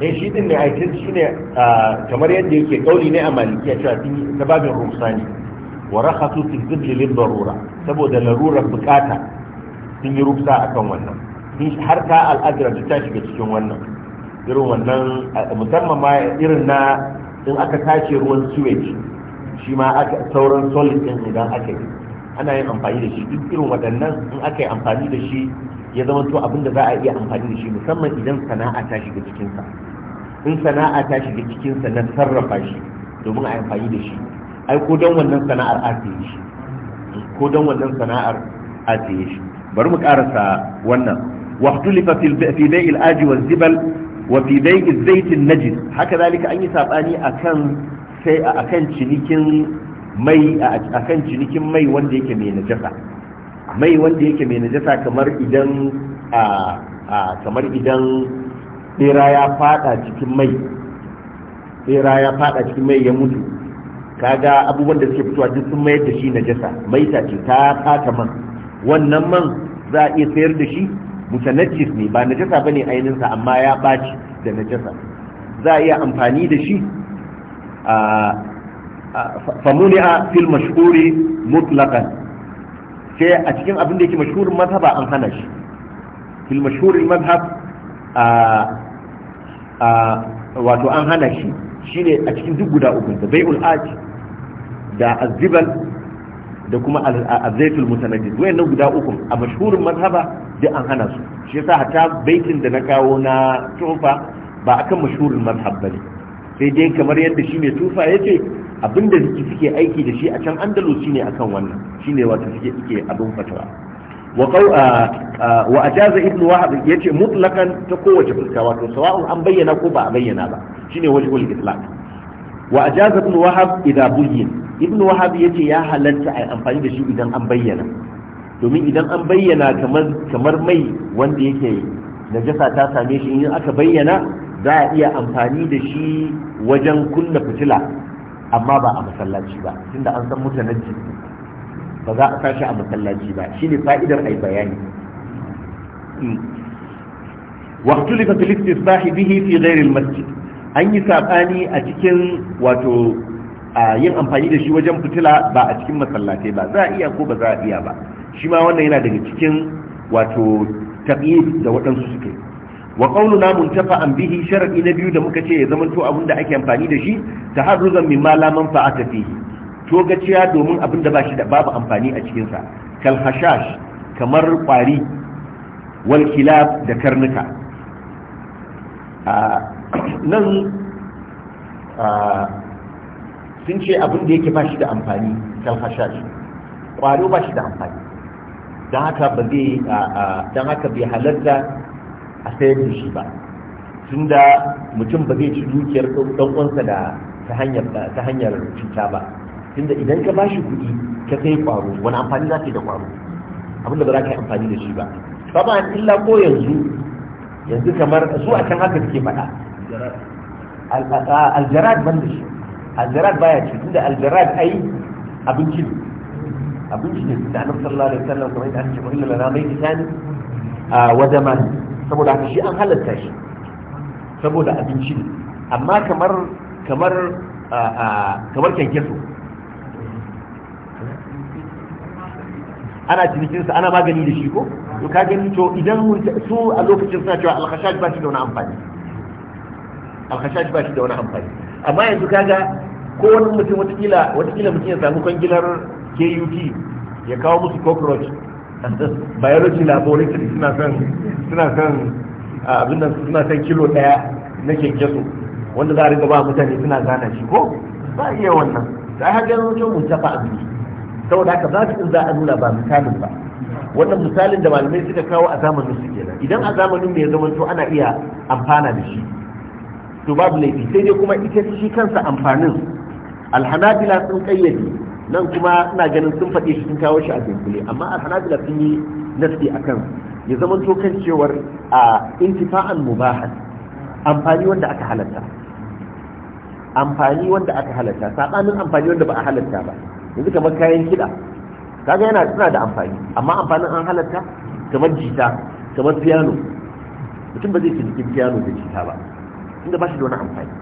eh, shi din ne aikin shi ne ah, kamar yadda yake kauli ne a malikiya cewa sun yi sababin ne. wa rakhasu fi dhilli lil darura saboda larurar bukata sun yi rufsa kan wannan har ta al'adar ta shiga cikin wannan irin wannan musamman ma irin na in aka tashi ruwan sewage shi ma aka sauran solid din idan aka yi ana yin amfani da shi duk irin waɗannan in aka yi amfani da shi ya zama to abin da za a iya amfani da shi musamman idan sana'a ta shiga cikinsa in sana'a ta shiga cikinsa na sarrafa shi domin a amfani da shi ai ko don wannan sana'ar a saye shi ko don wannan sana'ar a saye shi bari mu karasa wannan واختلف في في بيع الآج wa وفي بيع الزيت النجس هكذا ذلك أن يسابني أكن sai a akan cinikin mai akan cinikin mai wanda yake mai najasa mai wanda yake mai najasa kamar idan a a kamar idan tsira ya fada cikin mai tsira ya fada cikin mai ya mutu kaga abubuwan da suke fitowa duk sun mayar da shi na jasa. maita ce ta fata man wannan man za a iya sayar da shi mutanajis ne ba na jasa ba ne ainihinsa amma ya ɓaci da na jasa. za a iya amfani da shi a a fil mashhuri mutlaqan sai a cikin abin da yake mashhurin mazhaba an hana shi fil mashhurin mazhab a wato an hana shi shine a cikin duk guda uku da bai'ul aji da azibal da kuma azaitul Wai nan guda uku a mashhurin mazhaba da an hana su shi yasa hatta baitin da na kawo na tufa ba akan mashhurin mazhab bane sai dai kamar yadda shi mai tufa yace abinda suke aiki da shi a can andalus shine akan wannan shine wato suke suke abin fatawa wa ajaza ibnu wahab yace mutlaqan ta kowace fuska wato sawa'un an bayyana ko ba a bayyana ba shine wajhul itlaq wa ajaza ibnu wahab idan buyyin ibnu wahab yace ya halatta ai amfani da shi idan an bayyana domin idan an bayyana kamar kamar mai wanda yake najasa ta same shi in aka bayyana za a iya amfani da shi wajen kunna fitila amma ba a masallaci ba tunda an san mutanajjis ba za a sashi a masallaci ba ne fa'idar yi bayani واختلف في الاستصلاح به في غير المسجد an yi saɓani a cikin wato yin amfani da shi wajen fitila ba a cikin masallatai ba za a iya ko ba za a iya ba shi ma wannan yana daga cikin wato taɓi da waɗansu suke wa ƙaunu na muntafa an bihi sharaɗi na biyu da muka ce ya zamanto abin da ake amfani da shi ta harruzan min ma laman fa'a ta fihi togaciya domin abin da ba shi da babu amfani a cikinsa kal hashash kamar kwari wal kilab da karnuka nan sun ce abin da yake ba shi da amfani kal hashash kwaro ba shi da amfani don haka ba zai don haka bai halarta a sayar da shi ba tunda mutum ba zai ci dukiyar ɗan uwansa da ta hanyar cuta ba tunda idan ka ba shi kuɗi ka kai ƙwaro, wani amfani za ka da ƙwaro. Abin da ba za ka yi amfani da shi ba ba illa ko yanzu yanzu kamar su a can haka suke faɗa aljarad ban da shi aljarad baya ce tunda aljarad ai abinci ne abinci ne da annabi sallallahu alaihi wasallam kamar yadda ake cewa illa lana mai kisani a wajama saboda haka shi an halatta shi saboda abinci ne amma kamar kamar kamar kyankyaso ana cinikin sa ana magani da shi ko to ka gani to idan su a lokacin suna cewa al-khashaj ba shi da wani amfani al-khashaj ba shi da wani amfani amma yanzu kaga ko wani mutum wata kila mutum ya samu kwangilar KUT ya kawo musu cockroach biology laboratory suna son suna san abin nan suna son kilo daya na kyankyaso wanda za a riga ba mutane suna zana shi ko ba iya wannan sai har yanzu mutum mun tafa abin saboda haka ba su za a nuna ba misalin ba wannan misalin da malamai suka kawo a zamanin su kenan idan a zamanin mai zaman to ana iya amfana da shi to babu laifi sai dai kuma ita shi kansa amfanin alhanabila sun kayyade nan kuma ina ganin sun faɗi shi sun kawo shi a dunkule amma alhanabila sun yi nasti a kan ya zama to kan cewar a intifa'an mubahan amfani wanda aka halatta amfani wanda aka halatta saɓanin amfani wanda ba a halatta ba yanzu kamar kayan kiɗa kaga yana suna da amfani amma amfanin an halatta kamar jita kamar piano mutum ba zai ci jikin piano da jita ba inda ba shi da wani amfani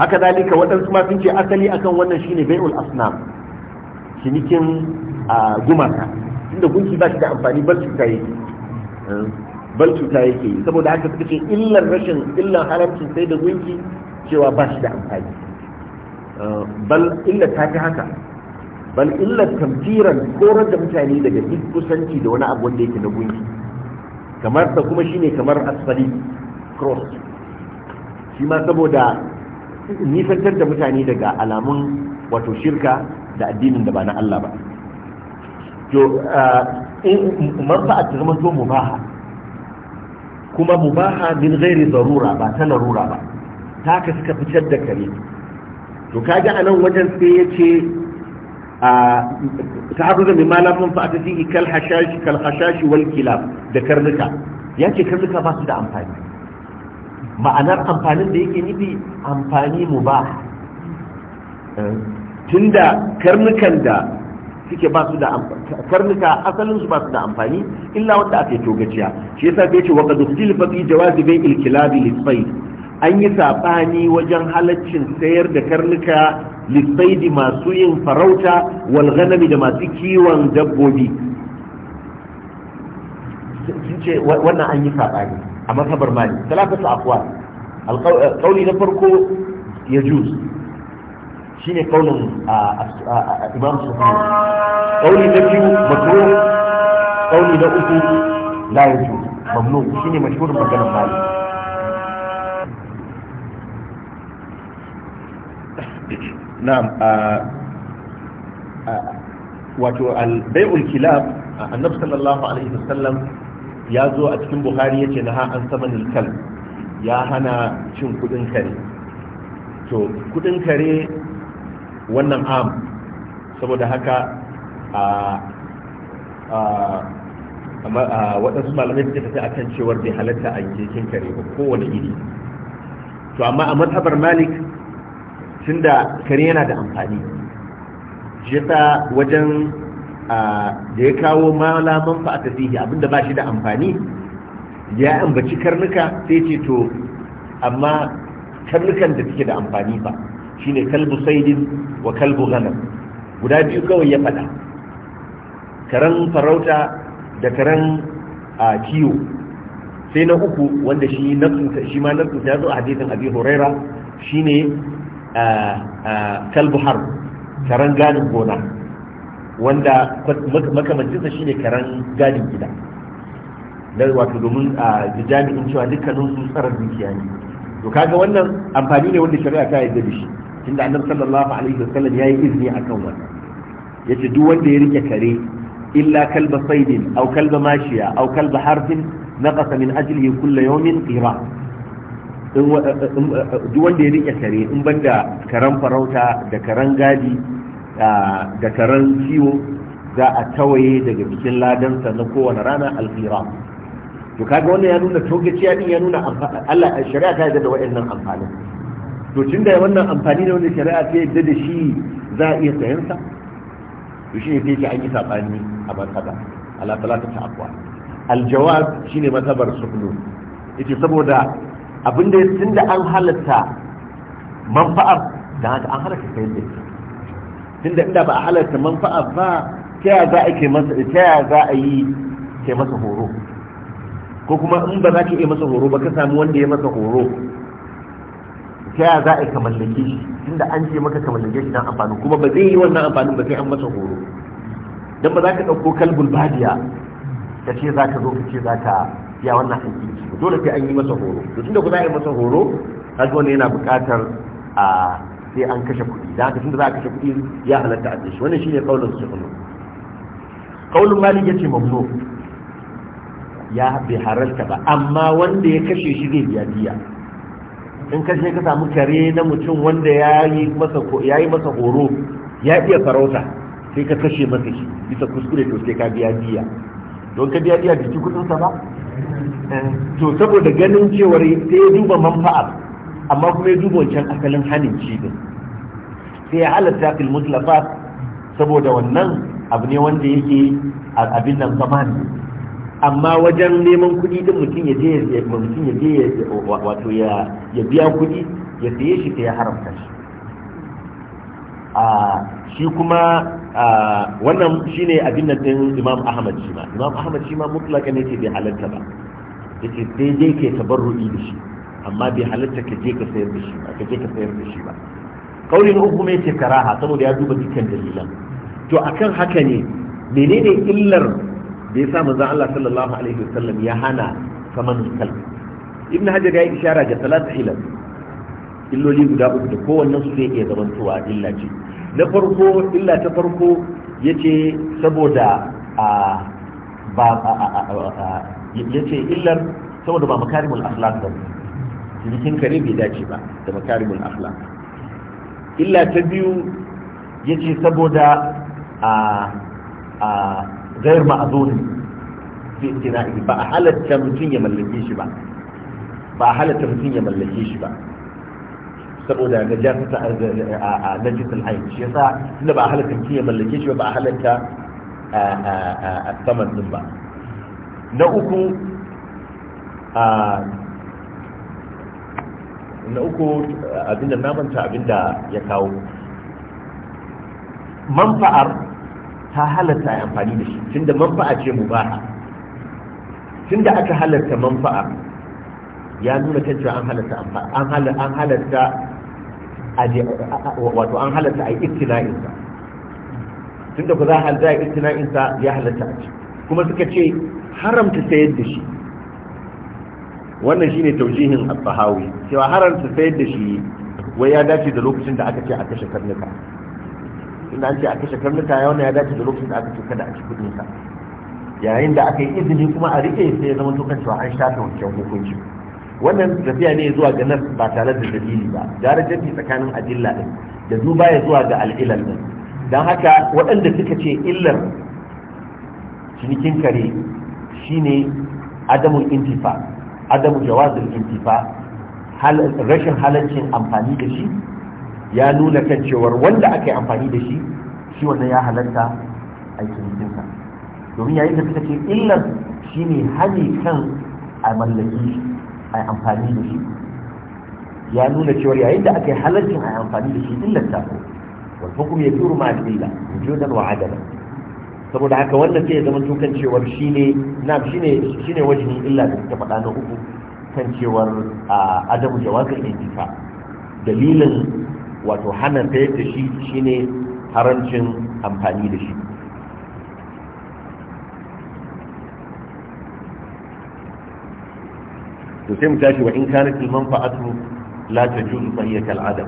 haka dalika waɗansu ma sun ce asali akan wannan shine bai'ul asnam cinikin gumaka inda gunki ba shi da amfani bal cuta yake bal cuta yake saboda haka suka ce illar rashin illar haramcin sai da gunki cewa ba shi da amfani bal illa ta fi haka bal illa tamfiran korar da mutane daga duk kusanci da wani abu wanda yake na gunki kamar ta kuma shine kamar asfali cross shi ma saboda nisantar da mutane daga alamun wato shirka da addinin da ba na Allah ba to eh, in manfa'a ta zama to mubaha kuma mubaha min ghairi zarura ba ta larura ba ta ka suka fitar da kare to kaji a nan wajen sai ya ce ta haɗu da mimala mun fa ta fihi kal hashashi kal hashashi wal kilab da karnuka ya ce karnuka ba su da amfani ma'anar amfanin da yake nufi amfani mu ba tunda karnukan da suke ba su da karnuka asalin su ba su da amfani illa wanda aka yi togaciya shi yasa bai ce wa qad ukhtilfa fi jawazi bay'il kilabi lis an yi saɓani wajen halaccin sayar da karnuka lissaidi masu yin farauta walganami da masu kiwon dabbobi sun ce wannan an yi saɓani a masabar mali talafatu afuwa alƙauli na farko ya juz shi ne ƙaunin imam sufiyar ƙauni na biyu makro ƙauni na uku la ya juz mamnu shi ne mashahurin maganar mali na'am wato al-bai'ul kilab annabi sallallahu alaihi wasallam ya zo a cikin buhari yace na ha an saman kal ya hana cin kudin kare to kudin kare wannan am saboda haka a waɗansu malamai suka tafi akan cewar bai halarta a yankin kare ba kowane iri to amma a matsabar malik tunda kare yana da amfani shi wajen da ya kawo malaman a fihi abinda ba shi da amfani ya ambaci karnuka sai ce to amma karnukan da suke da amfani fa shine kalbu saidin wa kalbu ghanam guda biyu kawai ya faɗa karen farauta da karen kiwo sai na uku wanda shi ma nafsu ya zo a hadisin abi shi shine kalbu har karen gadin gona wanda makamancinsa shine karen gadin gida na wato domin a jami'in cewa dukkanin su tsarar dukiya ne to kaga wannan amfani ne wanda shari'a ta yarda da shi tunda annabi sallallahu alaihi wasallam yayi izini akan wannan yace duk wanda ya rike kare illa kalba saidin aw kalba mashiya aw kalba harfin naqasa min ajlihi kullu yawmin qira' duk wanda ya rike kare in banda karen farauta da karen gadi da karen ciwo za a tawaye daga bikin ladansa na kowane rana alfira to kaga wannan ya nuna togaciya din ya nuna Allah shari'a ta yarda da wayannan amfanin to da wannan amfani da wanda shari'a ta yarda da shi za a iya sayan sa to shine sai ce an yi sabani a masaba ala talata ta aqwa aljawab shine masabar sukunu yace saboda abinda ya tun da an halatta manfa'ar da haka an halatta sai da ita tun da ba a halatta manfa'ar ba ta yaya za a ke masa ta yaya za a yi ke masa horo ko kuma in ba za ka iya masa horo ba ka sami wanda ya masa horo ta yaya za a yi ka shi tun da an ce maka ka shi dan amfani kuma ba zai yi wannan amfanin ba sai an masa horo don ba za ka ɗauko kalbul badiya ka ce za ka zo ka ce za ka ya wannan aiki dole sai an yi masa horo to tunda ku za a yi masa horo kaga wannan yana buƙatar a sai an kashe kuɗi da haka tunda za a kashe kuɗi ya halatta a shi wannan shine kaulin sufunu kaulin malik yace mamnu ya bai halarta ba amma wanda ya kashe shi zai biya biya in kashe ka samu kare na mutum wanda ya yi masa horo ya iya farauta sai ka kashe masa shi bisa kuskure to sai ka biya biya don ka biya iya biki kudinsa ba eh, to saboda ganin cewar ya duba manfa'ar amma kuma ya duba wancan asalin hanin ci din sai ya halatta fil mutlafat saboda wannan abu ne wanda yake abin nan zamani amma wajen neman kuɗi din mutum ya je ya mutum ya wato ya biya kuɗi ya saye shi sai ya haramta shi shi kuma wannan shi ne da din Imam Ahmad shi ma Imam Ahmad shi ma mutlaka ne ke bai halatta ba ke daidai ke tabarru'i da shi amma bai halatta ka je ka sayar da shi ba ka je ka sayar da shi ba kaulin uku kuma yace karaha saboda ya duba dukkan dalilan to akan haka ne menene illar da ya yasa manzon Allah sallallahu alaihi wasallam ya hana saman kal ibn hajar ya yi ishara ga salatu hilal illoli guda uku da kowanne su zai iya zamantowa illa ce na farko illa ta farko yace saboda a ba yace illar saboda ba makarimul akhlaq ba jikin kare bai dace ba da makarimul akhlaq illa ta biyu ya ce saboda a a gairu ma'azuni ba a halatta mutum ya mallake shi ba ba a halatta mutum ya mallake shi ba saboda najasa a najisul ayn shi yasa inda ba halatta mutum mallake shi ba halatta a saman din ba na uku na uku abinda namanta abinda ya kawo manfa'ar ta halatta ya amfani da shi tun da manfa'a ce mu ba tun da aka halatta manfa'a ya nuna kan an halatta an halatta wato an halatta a yi iktina'insa tun da ku za a halatta a yi ya halatta a ci kuma suka ce haramta sayar da shi wannan shine taujihin al-bahawi cewa haramta sayar da shi wai ya dace da lokacin da aka ce a kashe karnuka inda an ce a kashe karnuka ya wani ya dace da lokacin da aka ce kada a ci kudinsa yayin da aka yi izini kuma a rike sai ya zama to kan cewa an shafe wancan hukunci wannan tafiya ne zuwa ga nas ba tare da dalili ba darajar tsakanin adilla din da duba ya zuwa ga al'ilal din don haka waɗanda suka ce illar cinikin kare shine adamun intifa adamu jawazin intifa rashin halancin amfani da shi ya nuna kan cewar wanda aka yi amfani da shi shi wannan ya halarta a cinikinsa domin yayin da suka ce illar shine hani kan a mallaki a amfani da shi ya nuna cewa yayin da aka yi halarcin a amfani da shi illar ta ko hukum ya turu ma adila wujudan wa adala saboda haka wannan sai ya zama tukan cewar shine na shine illa da ta faɗa na uku kan cewar adamu jawazin intifa dalilin wato hana ta yadda shi shine haramcin amfani da shi to sai mu tashi wa in kana al manfa'atu la tajuzu fa hiya kal adam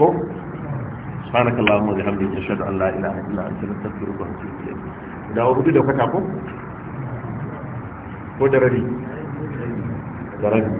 ko subhanaka allahumma wa bihamdika ashhadu an la ilaha illa anta astaghfiruka wa atubu ilayk da hudu da kwata ko ko da rabi da rabi